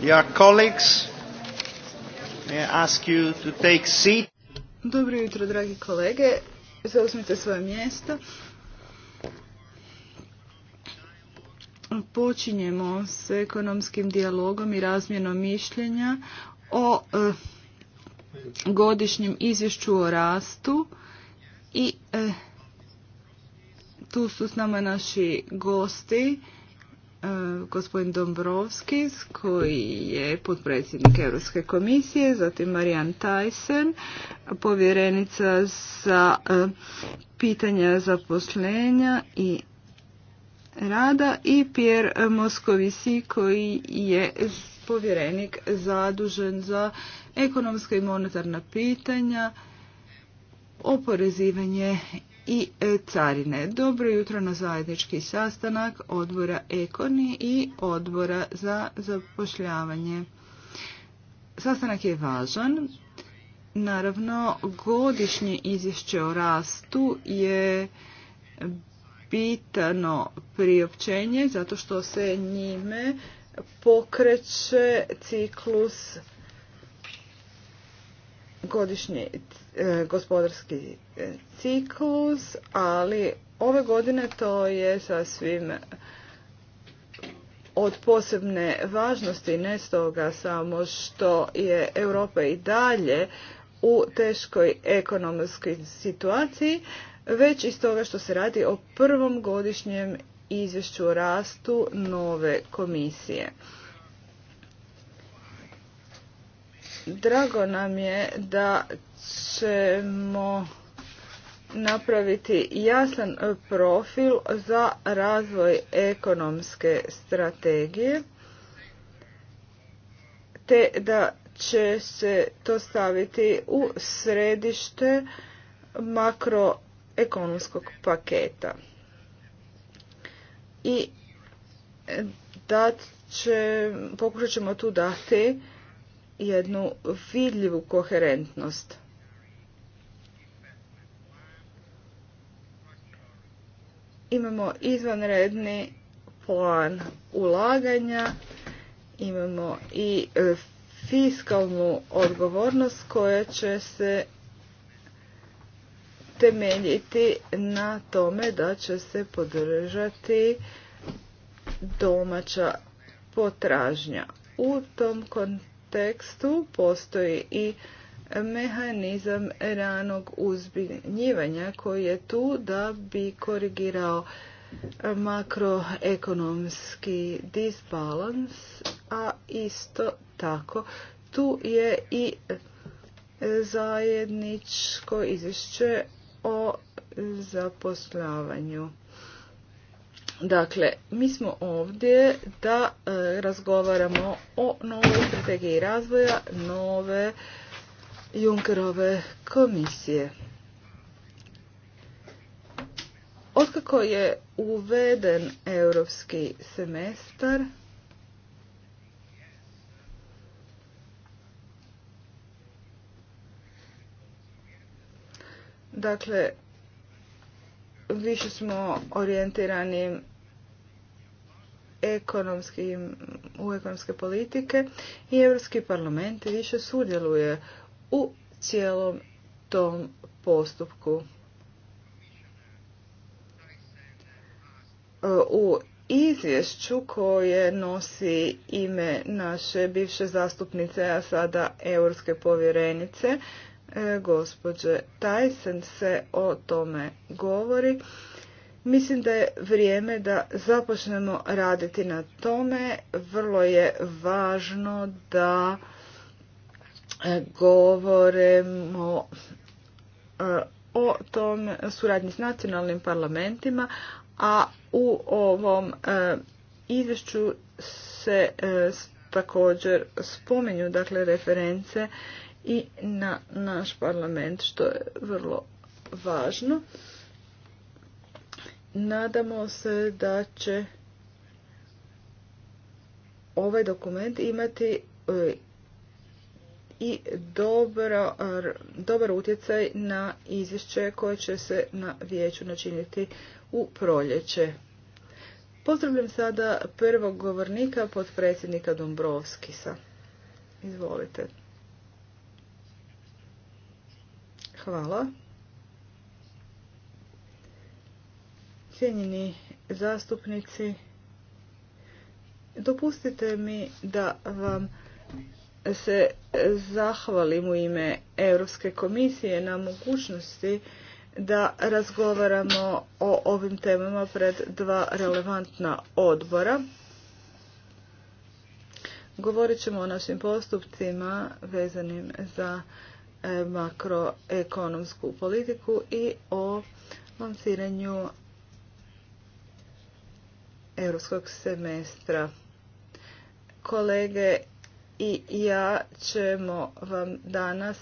Dear colleagues, Dobro jutro, dragi kolege. Zauzmite svoje mjesto. Počinjemo s ekonomskim dijalogom i razmjenom mišljenja o eh, godišnjem izvješću o rastu i eh, tu su s nama naši gosti E, gospodin Dombrovski koji je potpredsjednik Europske komisije, zatim Marijan Tajsen, povjerenica za e, pitanja zaposlenja i rada i Pierre Moscovici koji je povjerenik zadužen za ekonomska i monetarna pitanja, oporezivanje i e, carine. Dobro jutro na zajednički sastanak odbora Ekoni i odbora za zapošljavanje. Sastanak je važan. Naravno, godišnje izvješće o rastu je bitano priopćenje zato što se njime pokreće ciklus godišnje E, gospodarski e, ciklus, ali ove godine to je sasvim od posebne važnosti, ne stoga samo što je Europa i dalje u teškoj ekonomskoj situaciji, već iz toga što se radi o prvom godišnjem izvješću o rastu nove komisije. Drago nam je da ćemo napraviti jasan profil za razvoj ekonomske strategije te da će se to staviti u središte makroekonomskog paketa. I da će, pokušat ćemo tu dati jednu vidljivu koherentnost. Imamo izvanredni plan ulaganja, imamo i e, fiskalnu odgovornost koja će se temeljiti na tome da će se podržati domaća potražnja. U tom kontekstu tekstu postoji i mehanizam ranog uzbiljnjivanja koji je tu da bi korigirao makroekonomski disbalans, a isto tako tu je i zajedničko izvješće o zaposljavanju. Dakle, mi smo ovdje da e, razgovaramo o novoj strategiji razvoja nove Junkerove komisije. Otkako je uveden europski semestar, dakle, više smo orijentirani u ekonomske politike i Europski parlament više sudjeluje u cijelom tom postupku. E, u izvješću koje nosi ime naše bivše zastupnice, a sada europske povjerenice, E, gospođe Tyson se o tome govori. Mislim da je vrijeme da započnemo raditi na tome. Vrlo je važno da e, govoremo e, o tom suradnji s nacionalnim parlamentima, a u ovom izvješću se također spominju dakle reference i na naš parlament, što je vrlo važno. Nadamo se da će ovaj dokument imati e, i dobar utjecaj na izvješće koje će se na vijeću načiniti u proljeće. Pozdravljam sada prvog govornika, potpredsjednika Dombrovskisa. Izvolite. Hvala. Cijenjeni zastupnici, dopustite mi da vam se zahvalim u ime Europske komisije na mogućnosti da razgovaramo o ovim temama pred dva relevantna odbora. Govorit ćemo o našim postupcima vezanim za E, makroekonomsku politiku i o lanciranju europskog semestra. Kolege i ja ćemo vam danas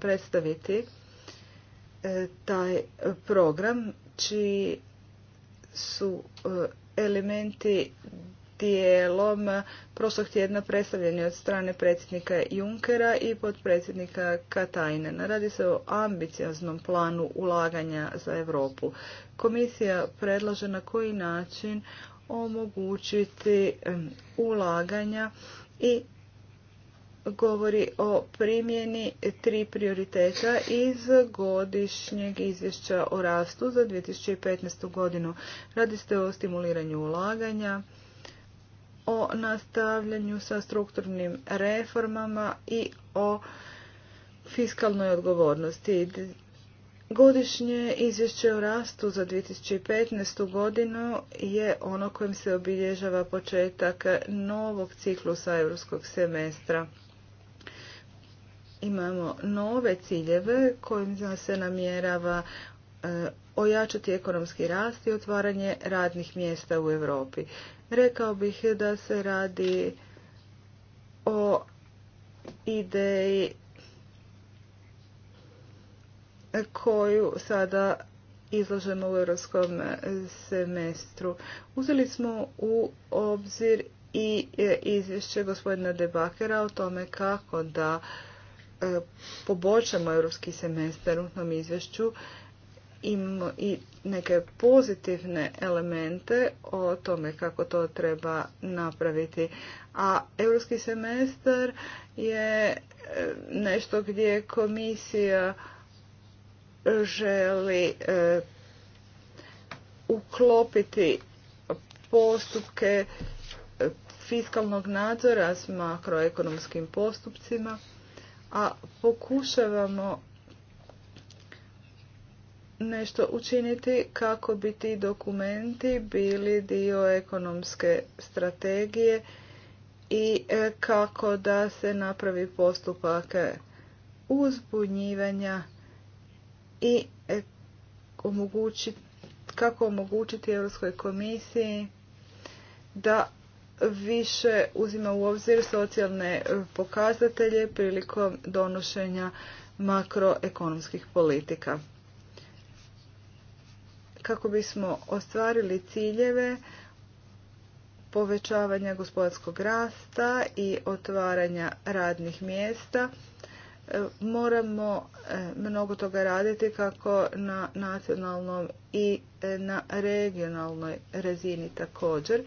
predstaviti e, taj program čiji su e, elementi tijelom prošlog tjedna predstavljeni od strane predsjednika Junkera i podpredsjednika Katajnena. Radi se o ambicioznom planu ulaganja za Europu. Komisija predlaže na koji način omogućiti ulaganja i govori o primjeni tri prioriteta iz godišnjeg izvješća o rastu za 2015. godinu. Radi se o stimuliranju ulaganja, o nastavljanju sa strukturnim reformama i o fiskalnoj odgovornosti. Godišnje izvješće o rastu za 2015. godinu je ono kojim se obilježava početak novog ciklusa europskog semestra. Imamo nove ciljeve kojim se namjerava e, ojačati ekonomski rast i otvaranje radnih mjesta u Europi. Rekao bih da se radi o ideji koju sada izlažemo u europskom semestru. Uzeli smo u obzir i izvješće gospodina Debakera o tome kako da e, poboljšamo europski semestar u tom izvješću imamo i neke pozitivne elemente o tome kako to treba napraviti. A europski semestar je e, nešto gdje komisija želi e, uklopiti postupke e, fiskalnog nadzora s makroekonomskim postupcima, a pokušavamo nešto učiniti kako bi ti dokumenti bili dio ekonomske strategije i e, kako da se napravi postupak uzbunjivanja i e, kako omogućiti Europskoj komisiji da više uzima u obzir socijalne e, pokazatelje prilikom donošenja makroekonomskih politika kako bismo ostvarili ciljeve povećavanja gospodarskog rasta i otvaranja radnih mjesta e, moramo e, mnogo toga raditi kako na nacionalnom i e, na regionalnoj razini također.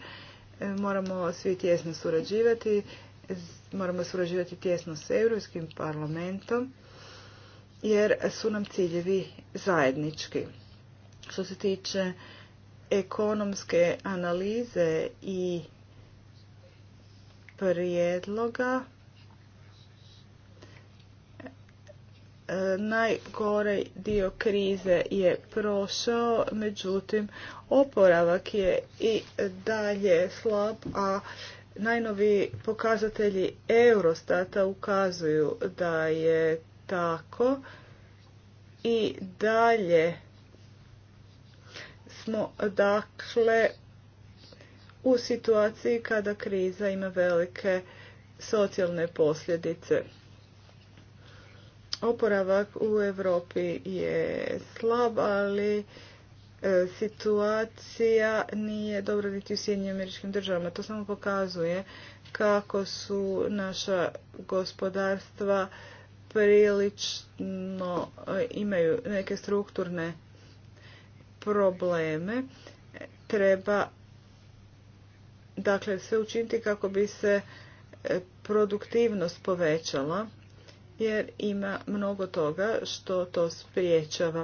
Moramo svi tjesno surađivati, moramo surađivati tjesno s Europskim parlamentom jer su nam ciljevi zajednički što se tiče ekonomske analize i prijedloga najgore dio krize je prošao, međutim oporavak je i dalje slab, a najnovi pokazatelji Eurostata ukazuju da je tako i dalje smo dakle u situaciji kada kriza ima velike socijalne posljedice. Oporavak u Europi je slab, ali e, situacija nije dobro niti u Sjedinjim američkim državama. To samo pokazuje kako su naša gospodarstva prilično e, imaju neke strukturne probleme treba dakle sve učiniti kako bi se e, produktivnost povećala jer ima mnogo toga što to spriječava.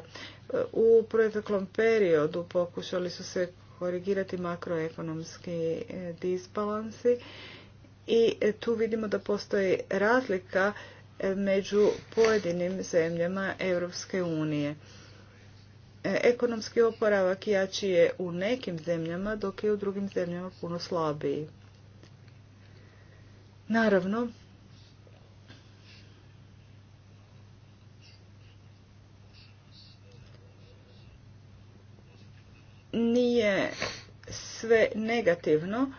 E, u proteklom periodu pokušali su se korigirati makroekonomski e, disbalansi i tu vidimo da postoji razlika među pojedinim zemljama Europske unije. E, ekonomski oporavak jači je u nekim zemljama, dok je u drugim zemljama puno slabiji. Naravno, nije sve negativno,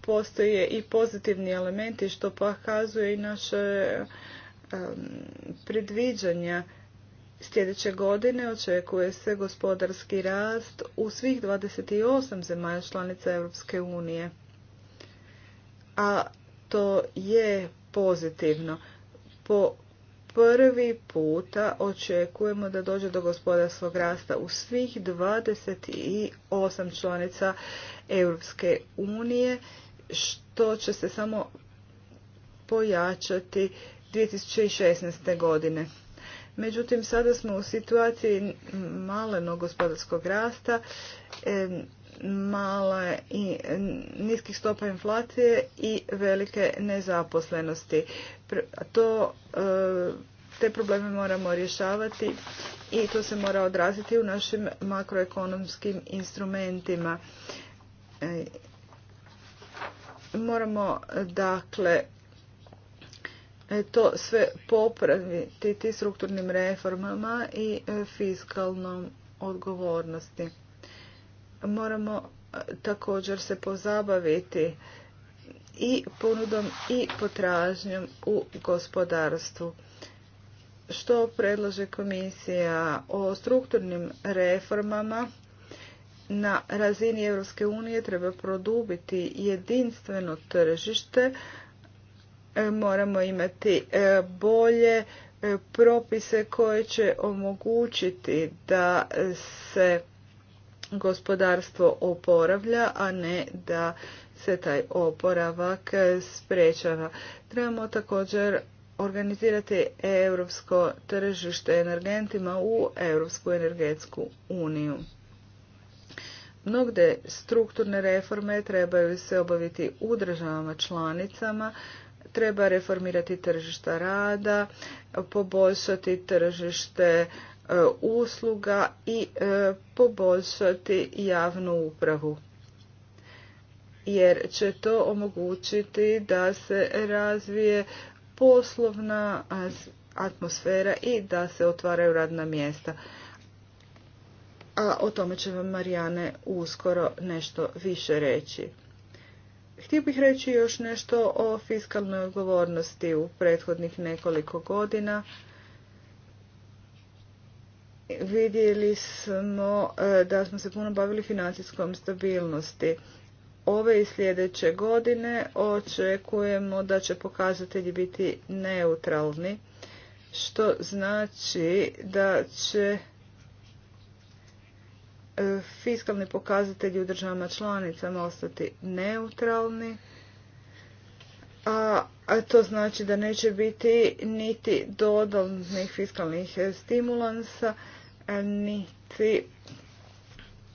postoje i pozitivni elementi što pokazuje i naše predviđanja Sljedeće godine očekuje se gospodarski rast u svih 28 zemalja članica Europske unije. A to je pozitivno. Po prvi puta očekujemo da dođe do gospodarskog rasta u svih 28 članica Europske unije, što će se samo pojačati 2016. godine. Međutim, sada smo u situaciji malenog gospodarskog rasta, male i niskih stopa inflacije i velike nezaposlenosti. To e, te probleme moramo rješavati i to se mora odraziti u našim makroekonomskim instrumentima. E, moramo dakle E, to sve popraviti ti strukturnim reformama i e, fiskalnom odgovornosti. Moramo e, također se pozabaviti i ponudom i potražnjom u gospodarstvu. Što predlaže komisija o strukturnim reformama na razini Europske unije treba produbiti jedinstveno tržište E, moramo imati e, bolje e, propise koje će omogućiti da se gospodarstvo oporavlja, a ne da se taj oporavak sprečava. Trebamo također organizirati europsko tržište energentima u Europsku energetsku uniju. Mnogde strukturne reforme trebaju se obaviti u državama članicama treba reformirati tržišta rada, poboljšati tržište e, usluga i e, poboljšati javnu upravu. Jer će to omogućiti da se razvije poslovna atmosfera i da se otvaraju radna mjesta. A o tome će vam Marijane uskoro nešto više reći. Htio bih reći još nešto o fiskalnoj odgovornosti u prethodnih nekoliko godina. Vidjeli smo e, da smo se puno bavili financijskom stabilnosti. Ove i sljedeće godine očekujemo da će pokazatelji biti neutralni, što znači da će fiskalni pokazatelji u državama članicama ostati neutralni, a, a to znači da neće biti niti dodatnih fiskalnih stimulansa, niti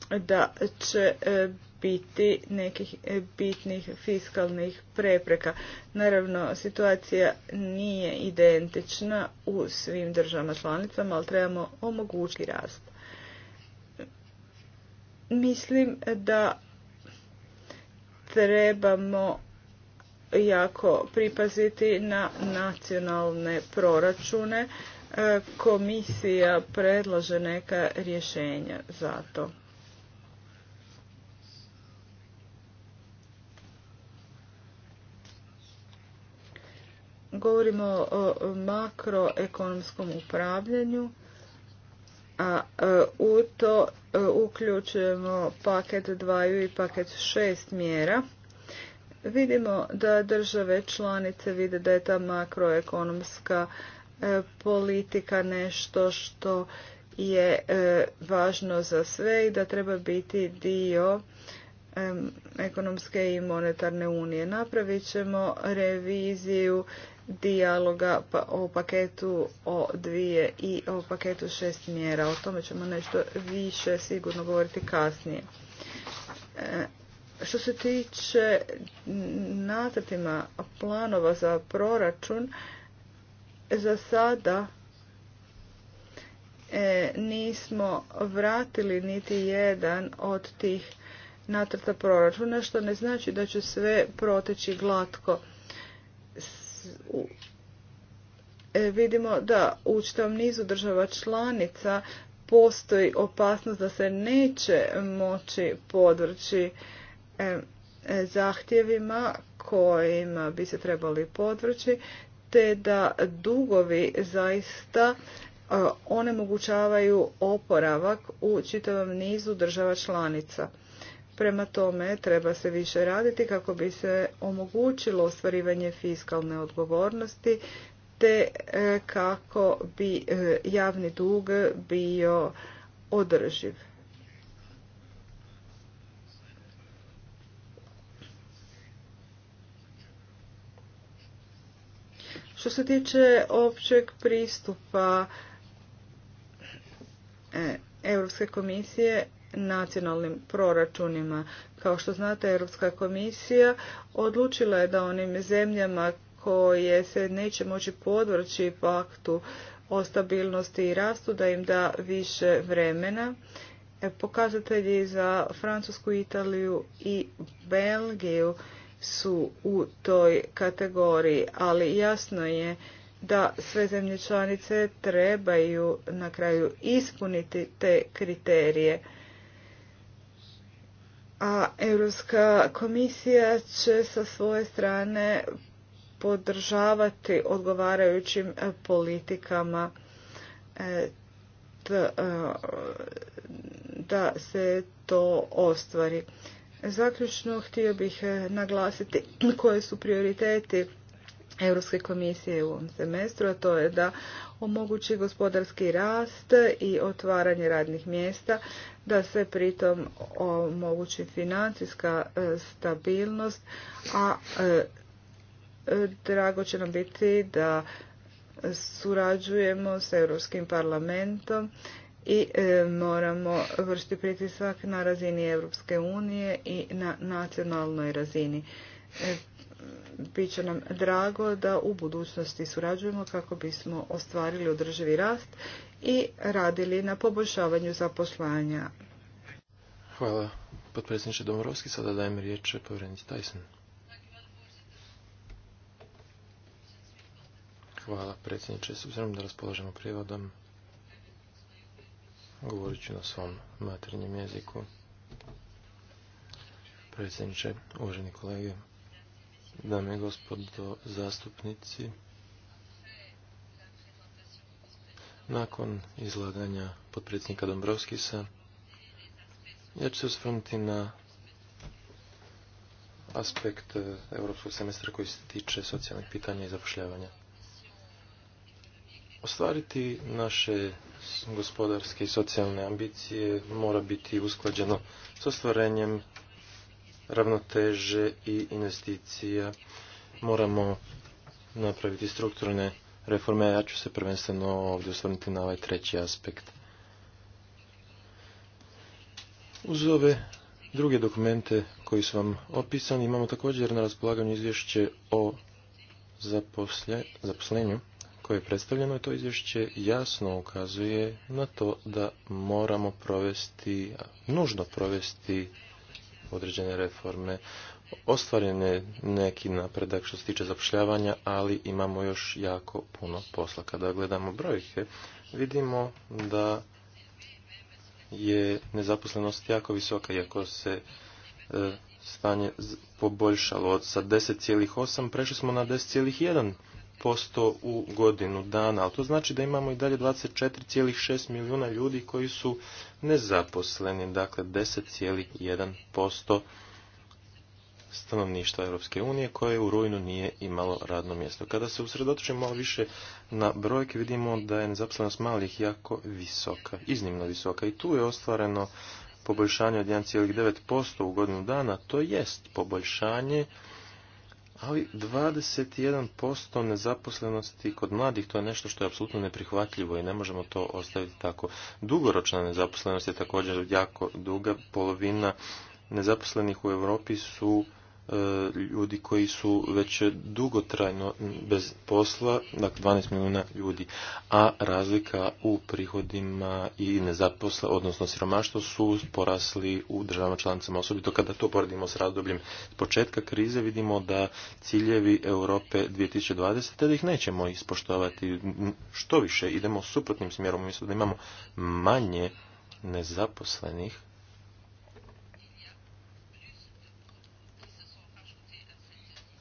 da će e, biti nekih e, bitnih fiskalnih prepreka. Naravno, situacija nije identična u svim državama članicama, ali trebamo omogućiti rast. Mislim da trebamo jako pripaziti na nacionalne proračune. E, komisija predlaže neka rješenja za to. Govorimo o makroekonomskom upravljanju a e, u to e, uključujemo paket dvaju i paket šest mjera. Vidimo da države članice vide da je ta makroekonomska e, politika nešto što je važno za sve i da treba biti dio ekonomske i monetarne unije. Napravit ćemo reviziju dijaloga pa o paketu o dvije i o paketu šest mjera. O tome ćemo nešto više sigurno govoriti kasnije. E, što se tiče nacrtima planova za proračun, za sada e, nismo vratili niti jedan od tih natrta proračuna, što ne znači da će sve proteći glatko E, vidimo da u čitavom nizu država članica postoji opasnost da se neće moći podvrći e, e, zahtjevima kojima bi se trebali podvrći, te da dugovi zaista onemogućavaju oporavak u čitavom nizu država članica. Prema tome treba se više raditi kako bi se omogućilo ostvarivanje fiskalne odgovornosti te e, kako bi e, javni dug bio održiv. Što se tiče općeg pristupa e, Europske komisije, nacionalnim proračunima. Kao što znate, Europska komisija odlučila je da onim zemljama koje se neće moći podvrći paktu o stabilnosti i rastu, da im da više vremena. E, pokazatelji za Francusku, Italiju i Belgiju su u toj kategoriji, ali jasno je da sve zemlje članice trebaju na kraju ispuniti te kriterije a Europska komisija će sa svoje strane podržavati odgovarajućim e, politikama e, e, da se to ostvari. Zaključno htio bih naglasiti koje su prioriteti Europske komisije u ovom semestru, a to je da omogući gospodarski rast i otvaranje radnih mjesta, da se pritom omogući financijska e, stabilnost, a e, e, drago će nam biti da surađujemo s Europskim parlamentom i moramo vršiti pritisak na razini Europske unije i na nacionalnoj razini bit će nam drago da u budućnosti surađujemo kako bismo ostvarili održivi rast i radili na poboljšavanju zaposlanja. Hvala, potpredsjedniče Domorovski. Sada dajem riječ povrednici Tyson. Hvala, predsjedniče. S obzirom da raspolažemo prijevodom, govorit ću na svom maternjem jeziku. Predsjedniče, uvaženi kolege, Dame i gospodo zastupnici, nakon izlaganja potpredsjednika Dombrovskisa, ja ću se osvrnuti na aspekt europskog semestra koji se tiče socijalnih pitanja i zapošljavanja. Ostvariti naše gospodarske i socijalne ambicije mora biti usklađeno s ostvarenjem ravnoteže i investicija. Moramo napraviti strukturne reforme, ja ću se prvenstveno ovdje osvrnuti na ovaj treći aspekt. Uz ove druge dokumente koji su vam opisani, imamo također na raspolaganju izvješće o zaposlenju koje je predstavljeno i to izvješće jasno ukazuje na to da moramo provesti, nužno provesti određene reforme. Ostvaren je neki napredak što se tiče zapošljavanja, ali imamo još jako puno posla. Kada gledamo brojke, vidimo da je nezaposlenost jako visoka, iako se e, stanje poboljšalo. Od sa 10,8 prešli smo na 10,1 posto u godinu dana, ali to znači da imamo i dalje 24,6 milijuna ljudi koji su nezaposleni, dakle 10,1% stanovništva Europske unije koje u rujnu nije imalo radno mjesto. Kada se usredotočimo malo više na brojke vidimo da je nezaposlenost malih jako visoka, iznimno visoka i tu je ostvareno poboljšanje od 1,9% u godinu dana, to jest poboljšanje ali 21% nezaposlenosti kod mladih to je nešto što je apsolutno neprihvatljivo i ne možemo to ostaviti tako. Dugoročna nezaposlenost je također jako duga, polovina nezaposlenih u Europi su E, ljudi koji su već dugotrajno bez posla, dakle 12 milijuna ljudi, a razlika u prihodima i nezaposla odnosno siromaštvo su porasli u državama članicama osobito. Kada to poredimo s razdobljem s početka krize vidimo da ciljevi Europe 2020. da ih nećemo ispoštovati što više, idemo suprotnim smjerom, umjesto da imamo manje nezaposlenih,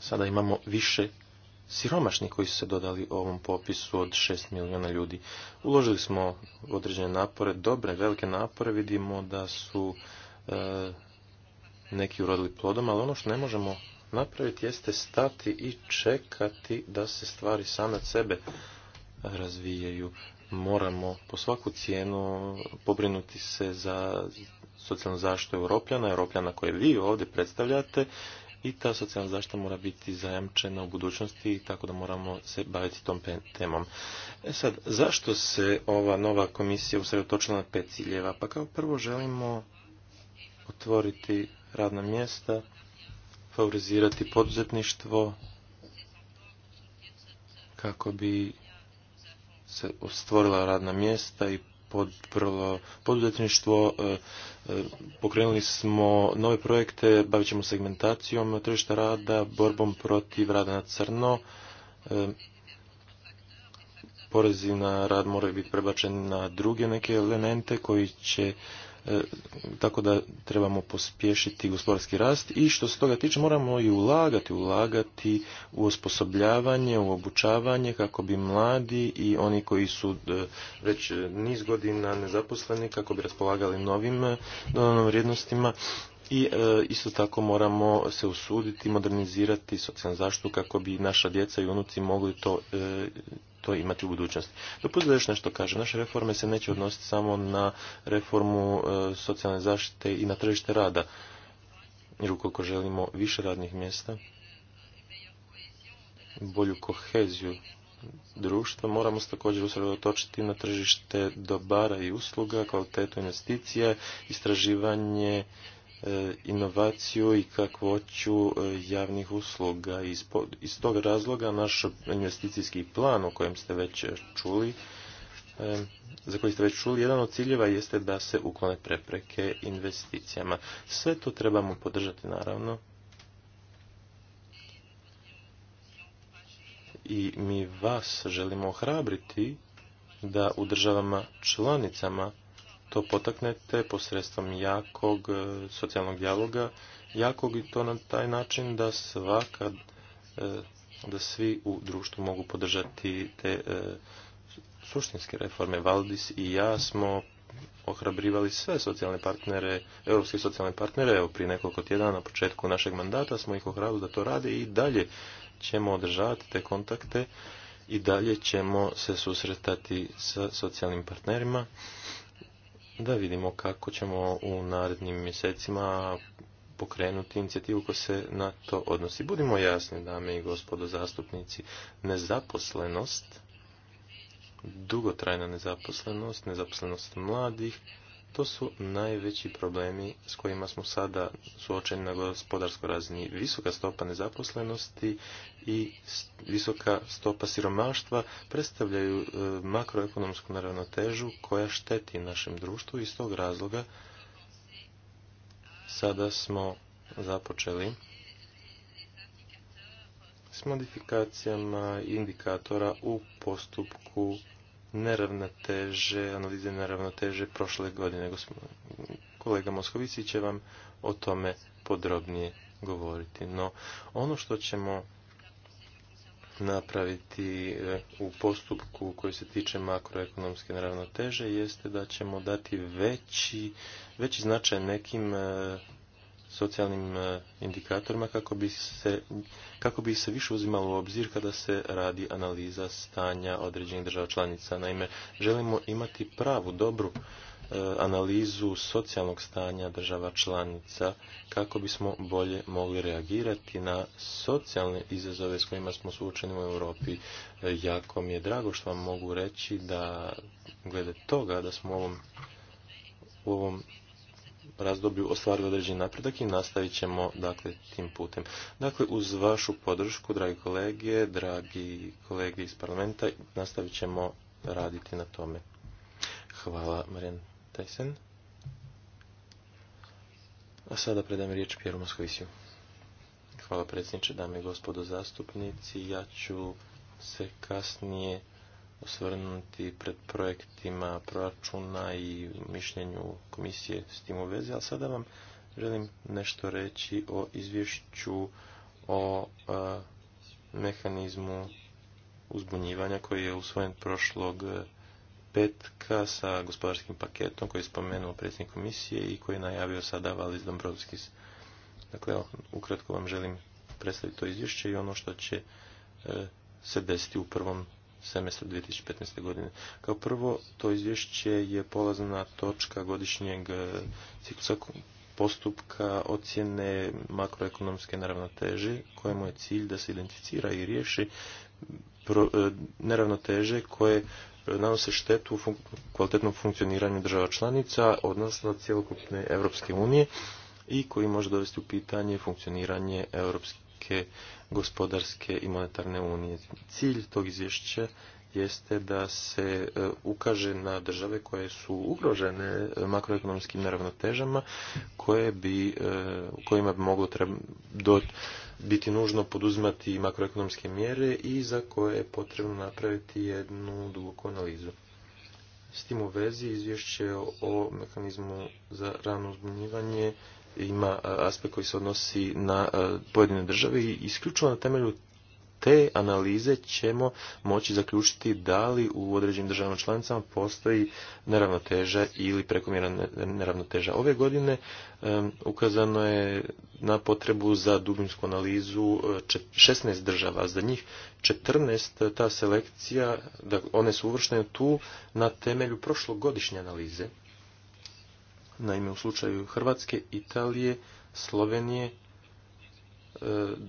sada imamo više siromašnih koji su se dodali ovom popisu od 6 milijuna ljudi. Uložili smo određene napore, dobre, velike napore, vidimo da su e, neki urodili plodom, ali ono što ne možemo napraviti jeste stati i čekati da se stvari same od sebe razvijaju. Moramo po svaku cijenu pobrinuti se za socijalnu zaštitu Europljana, Europljana koje vi ovdje predstavljate i ta socijalna zaštita mora biti zajamčena u budućnosti tako da moramo se baviti tom temom. E sad, zašto se ova nova komisija usredotočila na pet ciljeva? Pa kao prvo želimo otvoriti radna mjesta, favorizirati poduzetništvo kako bi se stvorila radna mjesta i podprlo poduzetništvo, e, e, pokrenuli smo nove projekte, bavit ćemo segmentacijom tržišta rada, borbom protiv rada na crno, e, porezi na rad moraju biti prebačeni na druge neke elemente koji će E, tako da trebamo pospješiti gospodarski rast i što se toga tiče moramo i ulagati, ulagati u osposobljavanje, u obučavanje kako bi mladi i oni koji su e, već niz godina nezaposleni kako bi raspolagali novim e, dodanom vrijednostima i e, isto tako moramo se usuditi modernizirati socijalnu zaštitu kako bi naša djeca i unuci mogli to, e, to imati u budućnosti. Dopustite da još nešto kažem, Naše reforme se neće odnositi samo na reformu e, socijalne zaštite i na tržište rada. Jer ukoliko želimo više radnih mjesta, bolju koheziju društva, moramo se također usredotočiti na tržište dobara i usluga, kvalitetu investicije istraživanje E, inovaciju i kakvoću e, javnih usluga. Iz tog razloga naš investicijski plan o kojem ste već čuli, e, za koji ste već čuli, jedan od ciljeva jeste da se uklone prepreke investicijama. Sve to trebamo podržati naravno. I mi vas želimo ohrabriti da u državama članicama to potaknete posredstvom jakog e, socijalnog dijaloga, jakog i to na taj način da svaka, e, da svi u društvu mogu podržati te e, suštinske reforme. Valdis i ja smo ohrabrivali sve socijalne partnere, europske socijalne partnere, evo prije nekoliko tjedana na početku našeg mandata smo ih ohrabili da to rade i dalje ćemo održavati te kontakte i dalje ćemo se susretati sa socijalnim partnerima da vidimo kako ćemo u narednim mjesecima pokrenuti inicijativu koja se na to odnosi. Budimo jasni, dame i gospodo zastupnici, nezaposlenost, dugotrajna nezaposlenost, nezaposlenost mladih, to su najveći problemi s kojima smo sada suočeni na gospodarskoj razini. Visoka stopa nezaposlenosti i visoka stopa siromaštva predstavljaju e, makroekonomsku neravnotežu koja šteti našem društvu i iz tog razloga sada smo započeli s modifikacijama indikatora u postupku neravnoteže, analize neravnoteže prošle godine. Kolega Moskovici će vam o tome podrobnije govoriti. No, ono što ćemo napraviti eh, u postupku koji se tiče makroekonomske neravnoteže jeste da ćemo dati veći, veći značaj nekim eh, socijalnim e, indikatorima kako bi se, kako bi se više uzimalo u obzir kada se radi analiza stanja određenih država članica. Naime, želimo imati pravu, dobru e, analizu socijalnog stanja država članica kako bismo bolje mogli reagirati na socijalne izazove s kojima smo suočeni u Europi. E, jako mi je drago što vam mogu reći da glede toga da smo u ovom, u ovom razdoblju ostvarili određeni napredak i nastavit ćemo dakle, tim putem. Dakle, uz vašu podršku, dragi kolege, dragi kolege iz parlamenta, nastavit ćemo raditi na tome. Hvala, Marijan Tajsen. A sada predajem riječ Pjeru Moskovisiju. Hvala predsjedniče, dame i gospodo zastupnici. Ja ću se kasnije osvrnuti pred projektima proračuna i mišljenju komisije s tim u vezi, ali sada vam želim nešto reći o izvješću o e, mehanizmu uzbunjivanja koji je usvojen prošlog petka sa gospodarskim paketom koji je spomenuo predsjednik komisije i koji je najavio sada Valis Dombrovskis. Dakle, ukratko vam želim predstaviti to izvješće i ono što će e, se desiti u prvom semestra 2015. godine. Kao prvo, to izvješće je polazna točka godišnjeg e, ciklusa postupka ocjene makroekonomske neravnoteže, kojemu je cilj da se identificira i riješi e, neravnoteže koje nanose štetu u kvalitetnom funkcioniranju država članica, odnosno cijelokupne Europske unije i koji može dovesti u pitanje funkcioniranje europske gospodarske i monetarne unije. Cilj tog izvješća jeste da se e, ukaže na države koje su ugrožene e, makroekonomskim neravnotežama koje bi, e, u kojima bi moglo biti nužno poduzimati makroekonomske mjere i za koje je potrebno napraviti jednu duboku analizu. S tim u vezi izvješće o mehanizmu za rano uzbunjivanje ima e, aspekt koji se odnosi na e, pojedine države i isključivo na temelju te analize ćemo moći zaključiti da li u određenim državama članicama postoji neravnoteža ili prekomjerna neravnoteža. Ove godine ukazano je na potrebu za dubinsku analizu 16 e, država. Za njih 14 ta selekcija, da one su uvrštene tu na temelju prošlogodišnje analize. Naime, u slučaju Hrvatske, Italije, Slovenije, e,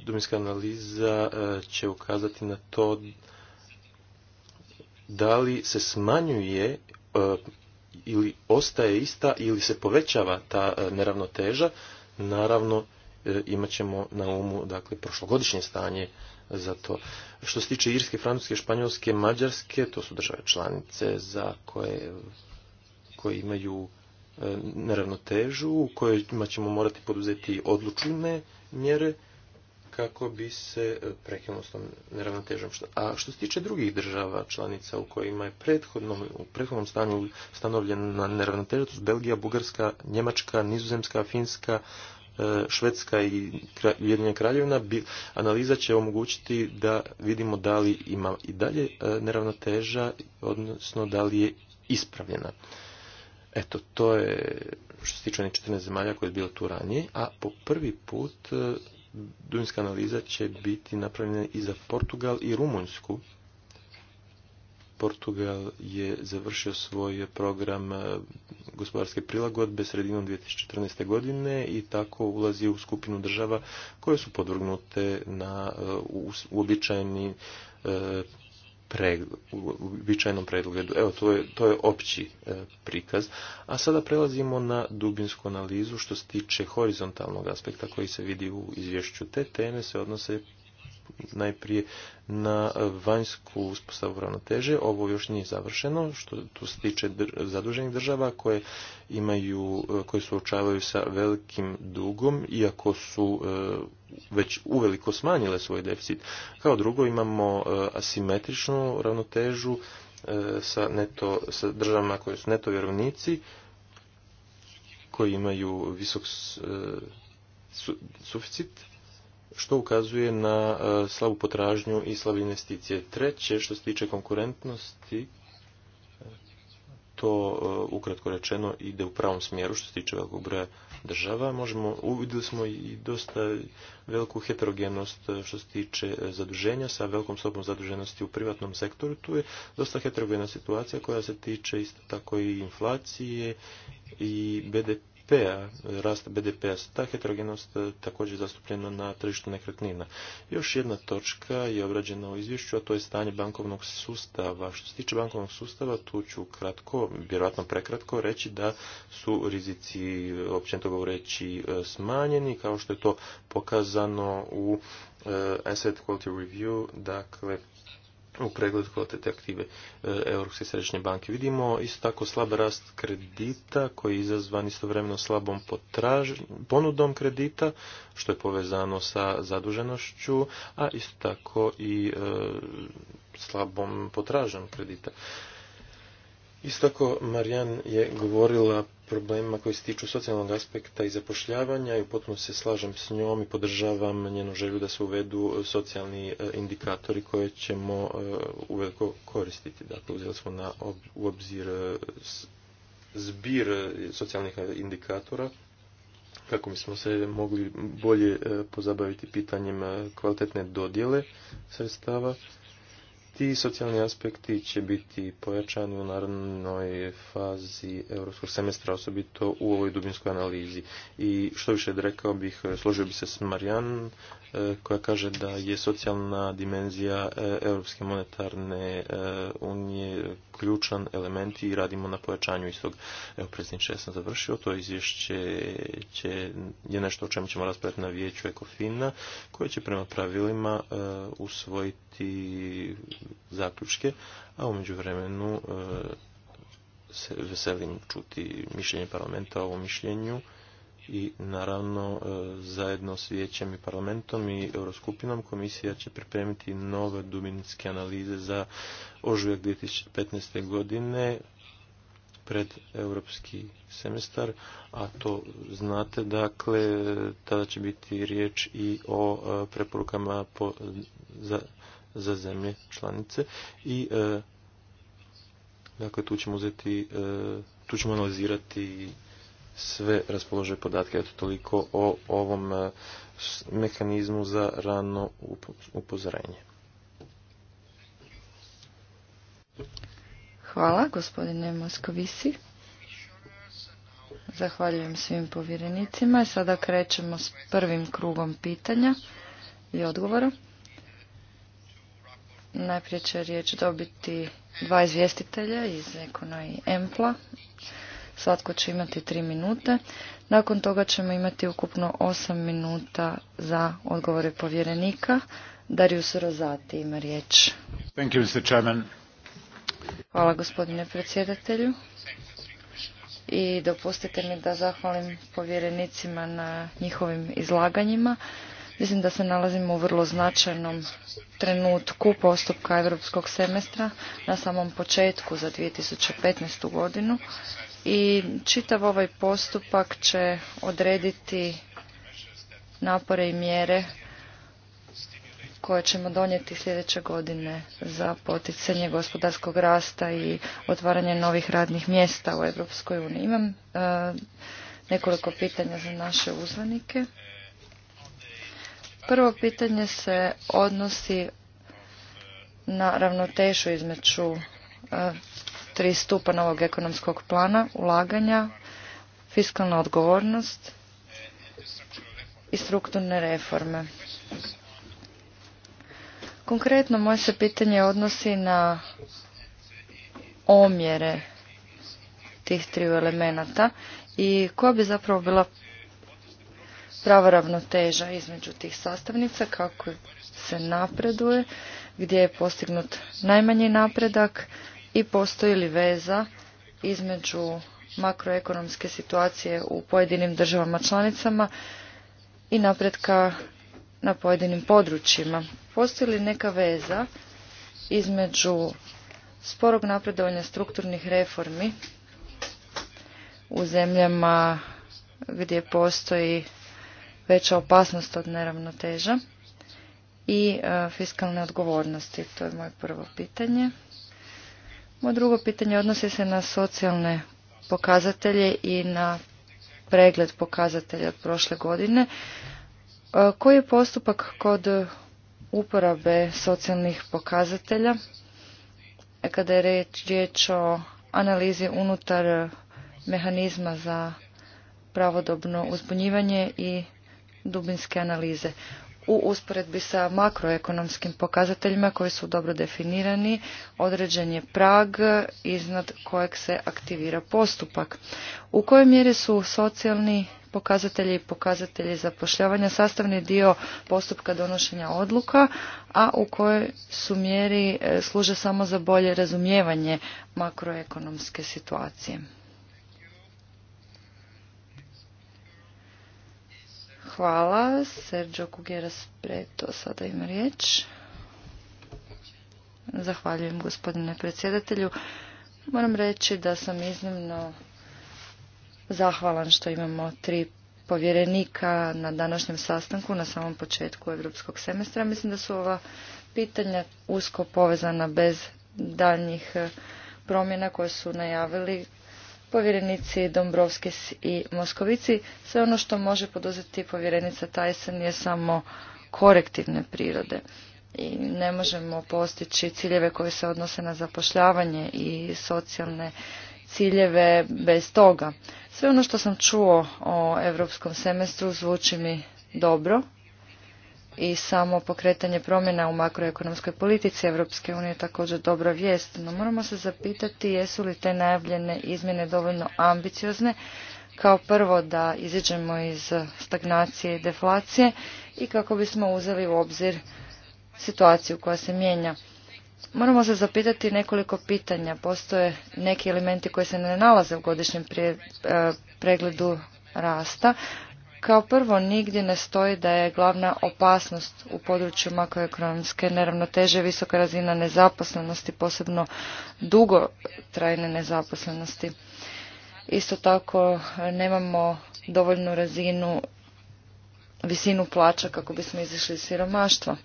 dubinska analiza e, će ukazati na to da li se smanjuje e, ili ostaje ista ili se povećava ta neravnoteža. Naravno, imat ćemo na umu dakle, prošlogodišnje stanje za to. Što se tiče Irske, Francuske, Španjolske, Mađarske, to su države članice za koje, koje imaju E, neravnotežu u kojima ćemo morati poduzeti odlučne mjere kako bi se e, prekinulo s tom neravnotežom. A što se tiče drugih država članica u kojima je prethodno, u prethodnom stanju stanovljena neravnoteža, to su Belgija, Bugarska, Njemačka, Nizozemska, Finska, e, Švedska i Ujedinjena kraljevina, analiza će omogućiti da vidimo da li ima i dalje neravnoteža, odnosno da li je ispravljena. Eto, to je što se tiče onih 14 zemalja koje je bilo tu ranije, a po prvi put e, dunjska analiza će biti napravljena i za Portugal i Rumunjsku. Portugal je završio svoj program e, gospodarske prilagodbe sredinom 2014. godine i tako ulazi u skupinu država koje su podvrgnute na e, uobičajeni u uobičajenom pregledu. Evo, to je, to je opći e, prikaz. A sada prelazimo na dubinsku analizu što se tiče horizontalnog aspekta koji se vidi u izvješću. Te teme se odnose najprije na vanjsku uspostavu ravnoteže. Ovo još nije završeno, što tu se tiče zaduženih država koje imaju, koje suočavaju sa velikim dugom, iako su e, već uveliko smanjile svoj deficit. Kao drugo imamo e, asimetričnu ravnotežu e, sa, neto, sa državama koje su neto vjerovnici, koji imaju visok suficit što ukazuje na e, slabu potražnju i slabe investicije. Treće, što se tiče konkurentnosti, e, to e, ukratko rečeno ide u pravom smjeru što se tiče velikog broja država. Možemo, uvidjeli smo i dosta veliku heterogenost što se tiče zaduženja sa velikom stopom zaduženosti u privatnom sektoru. Tu je dosta heterogena situacija koja se tiče isto tako i inflacije i BDP bdp rasta BDP-a, ta heterogenost e, također je zastupljena na tržištu nekretnina. Još jedna točka je obrađena u izvješću, a to je stanje bankovnog sustava. Što se tiče bankovnog sustava, tu ću kratko, vjerojatno prekratko, reći da su rizici, općenito govoreći, e, smanjeni, kao što je to pokazano u e, Asset Quality Review, dakle u pregledu te aktive e, Europske središnje banke. Vidimo isto tako slab rast kredita koji je izazvan istovremeno slabom ponudom kredita, što je povezano sa zaduženošću, a isto tako i e, slabom potražnjom kredita. Isto tako Marijan je govorila problemima koji se tiču socijalnog aspekta i zapošljavanja i potpunosti se slažem s njom i podržavam njenu želju da se uvedu e, socijalni e, indikatori koje ćemo e, uveliko koristiti. Dakle, uzeli smo na, u obzir zbir socijalnih indikatora kako bismo se mogli bolje pozabaviti pitanjem kvalitetne dodjele sredstava ti socijalni aspekti će biti pojačani u narodnoj fazi europskog semestra, osobito u ovoj dubinskoj analizi. I što više rekao bih, složio bi se s Marijan, e, koja kaže da je socijalna dimenzija e, Europske monetarne e, unije ključan element i radimo na pojačanju istog. Evo, predsjedniče, ja sam završio. To izvješće će, je nešto o čemu ćemo raspraviti na vijeću Ekofina, koje će prema pravilima usvojiti donijeti zaključke, a umeđu vremenu e, se veselim čuti mišljenje parlamenta o ovom mišljenju i naravno e, zajedno s vijećem i parlamentom i Euroskupinom komisija će pripremiti nove dubinske analize za ožujak 2015. godine pred europski semestar, a to znate, dakle, tada će biti riječ i o e, preporukama za za zemlje članice i e, dakle tu ćemo uzeti e, tu ćemo analizirati sve raspoložive podatke eto toliko o ovom e, mehanizmu za rano upozorenje Hvala gospodine Moskovisi Zahvaljujem svim povjerenicima. i Sada krećemo s prvim krugom pitanja i odgovora. Najprije će riječ dobiti dva izvjestitelja iz Ekona i Empla. Svatko će imati tri minute. Nakon toga ćemo imati ukupno osam minuta za odgovore povjerenika. Darius Rozati ima riječ. Hvala gospodine predsjedatelju. I dopustite mi da zahvalim povjerenicima na njihovim izlaganjima. Mislim da se nalazimo u vrlo značajnom trenutku postupka europskog semestra na samom početku za 2015. godinu i čitav ovaj postupak će odrediti napore i mjere koje ćemo donijeti sljedeće godine za poticanje gospodarskog rasta i otvaranje novih radnih mjesta u Europskoj uniji. Imam e, nekoliko pitanja za naše uzvanike. Prvo pitanje se odnosi na ravnotežu između e, tri stupa novog ekonomskog plana, ulaganja, fiskalna odgovornost i strukturne reforme. Konkretno moje se pitanje odnosi na omjere tih triju elemenata i koja bi zapravo bila prava ravnoteža između tih sastavnica, kako se napreduje, gdje je postignut najmanji napredak i postoji li veza između makroekonomske situacije u pojedinim državama članicama i napretka na pojedinim područjima. Postoji li neka veza između sporog napredovanja strukturnih reformi u zemljama gdje postoji veća opasnost od neravnoteža i e, fiskalne odgovornosti. To je moje prvo pitanje. Moje drugo pitanje odnosi se na socijalne pokazatelje i na pregled pokazatelja od prošle godine. E, koji je postupak kod uporabe socijalnih pokazatelja e, kada je riječ o analizi unutar mehanizma za pravodobno uzbunjivanje i dubinske analize u usporedbi sa makroekonomskim pokazateljima koji su dobro definirani, određen je prag iznad kojeg se aktivira postupak. U kojoj mjeri su socijalni pokazatelji i pokazatelji zapošljavanja sastavni dio postupka donošenja odluka, a u kojoj su mjeri e, služe samo za bolje razumijevanje makroekonomske situacije. Hvala. Sergio Kugeras Preto sada ima riječ. Zahvaljujem gospodine predsjedatelju. Moram reći da sam iznimno zahvalan što imamo tri povjerenika na današnjem sastanku na samom početku europskog semestra. Mislim da su ova pitanja usko povezana bez daljnjih promjena koje su najavili povjerenici Dombrovskis i Moskovici. Sve ono što može poduzeti povjerenica Tyson je samo korektivne prirode i ne možemo postići ciljeve koji se odnose na zapošljavanje i socijalne ciljeve bez toga. Sve ono što sam čuo o europskom semestru zvuči mi dobro i samo pokretanje promjena u makroekonomskoj politici Europske unije je također dobra vijest, no moramo se zapitati jesu li te najavljene izmjene dovoljno ambiciozne kao prvo da iziđemo iz stagnacije i deflacije i kako bismo uzeli u obzir situaciju koja se mijenja. Moramo se zapitati nekoliko pitanja. Postoje neki elementi koji se ne nalaze u godišnjem e, pregledu rasta, kao prvo, nigdje ne stoji da je glavna opasnost u području makroekonomske neravnoteže visoka razina nezaposlenosti, posebno dugotrajne nezaposlenosti. Isto tako, nemamo dovoljnu razinu, visinu plaća kako bismo izišli iz siromaštva.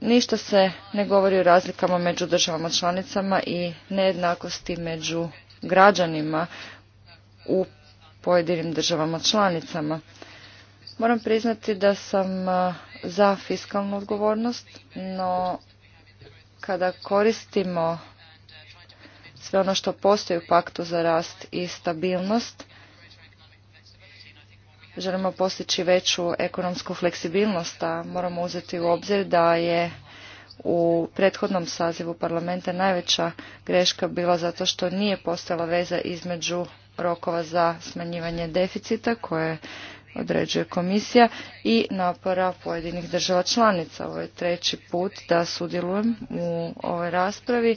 Ništa se ne govori o razlikama među državama članicama i nejednakosti među građanima u pojedinim državama članicama. Moram priznati da sam za fiskalnu odgovornost, no kada koristimo sve ono što postoji u paktu za rast i stabilnost, želimo postići veću ekonomsku fleksibilnost, a moramo uzeti u obzir da je u prethodnom sazivu parlamenta najveća greška bila zato što nije postojala veza između rokova za smanjivanje deficita koje određuje komisija i napora pojedinih država članica. Ovo je treći put da sudjelujem u ovoj raspravi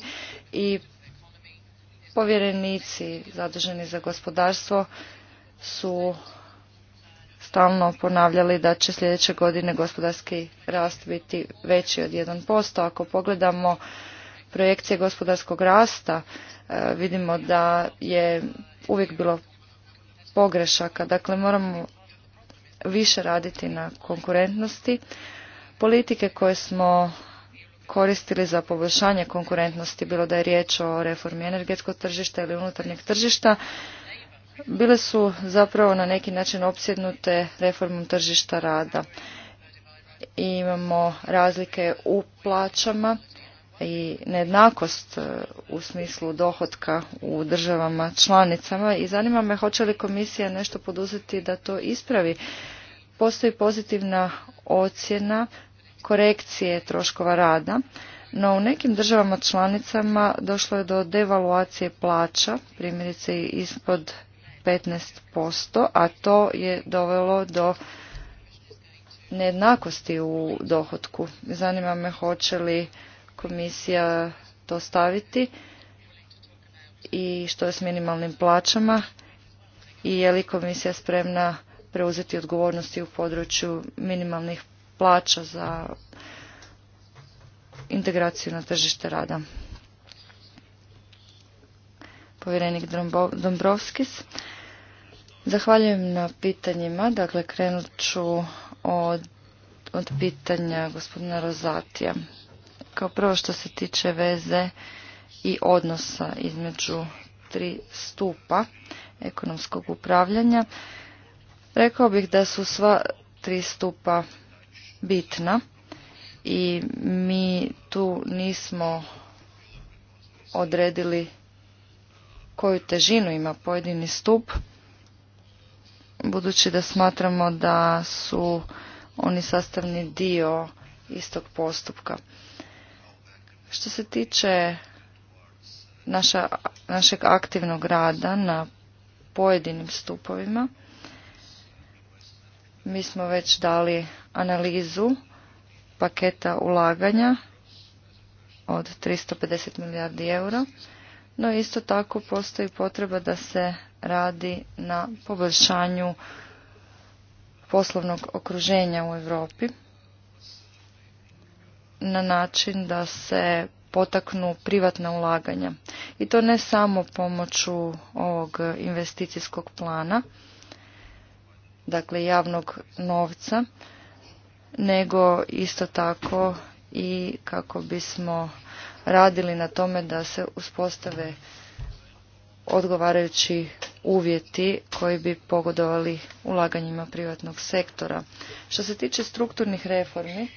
i povjerenici zaduženi za gospodarstvo su stalno ponavljali da će sljedeće godine gospodarski rast biti veći od 1%. Ako pogledamo projekcije gospodarskog rasta e, vidimo da je uvijek bilo pogrešaka. Dakle, moramo više raditi na konkurentnosti. Politike koje smo koristili za poboljšanje konkurentnosti, bilo da je riječ o reformi energetskog tržišta ili unutarnjeg tržišta, bile su zapravo na neki način opsjednute reformom tržišta rada. I imamo razlike u plaćama i nejednakost e, u smislu dohotka u državama članicama i zanima me hoće li komisija nešto poduzeti da to ispravi. Postoji pozitivna ocjena korekcije troškova rada, no u nekim državama članicama došlo je do devaluacije plaća, primjerice ispod 15%, a to je dovelo do nejednakosti u dohotku. Zanima me hoće li komisija to staviti i što je s minimalnim plaćama i je li komisija spremna preuzeti odgovornosti u području minimalnih plaća za integraciju na tržište rada. Povjerenik Dombrovskis. Zahvaljujem na pitanjima. Dakle, krenut ću od, od pitanja gospodina Rozatija. Kao prvo što se tiče veze i odnosa između tri stupa ekonomskog upravljanja, rekao bih da su sva tri stupa bitna i mi tu nismo odredili koju težinu ima pojedini stup, budući da smatramo da su oni sastavni dio istog postupka. Što se tiče naša, našeg aktivnog rada na pojedinim stupovima, mi smo već dali analizu paketa ulaganja od 350 milijardi eura, no isto tako postoji potreba da se radi na poboljšanju poslovnog okruženja u Europi na način da se potaknu privatna ulaganja. I to ne samo pomoću ovog investicijskog plana, dakle javnog novca, nego isto tako i kako bismo radili na tome da se uspostave odgovarajući uvjeti koji bi pogodovali ulaganjima privatnog sektora. Što se tiče strukturnih reformi,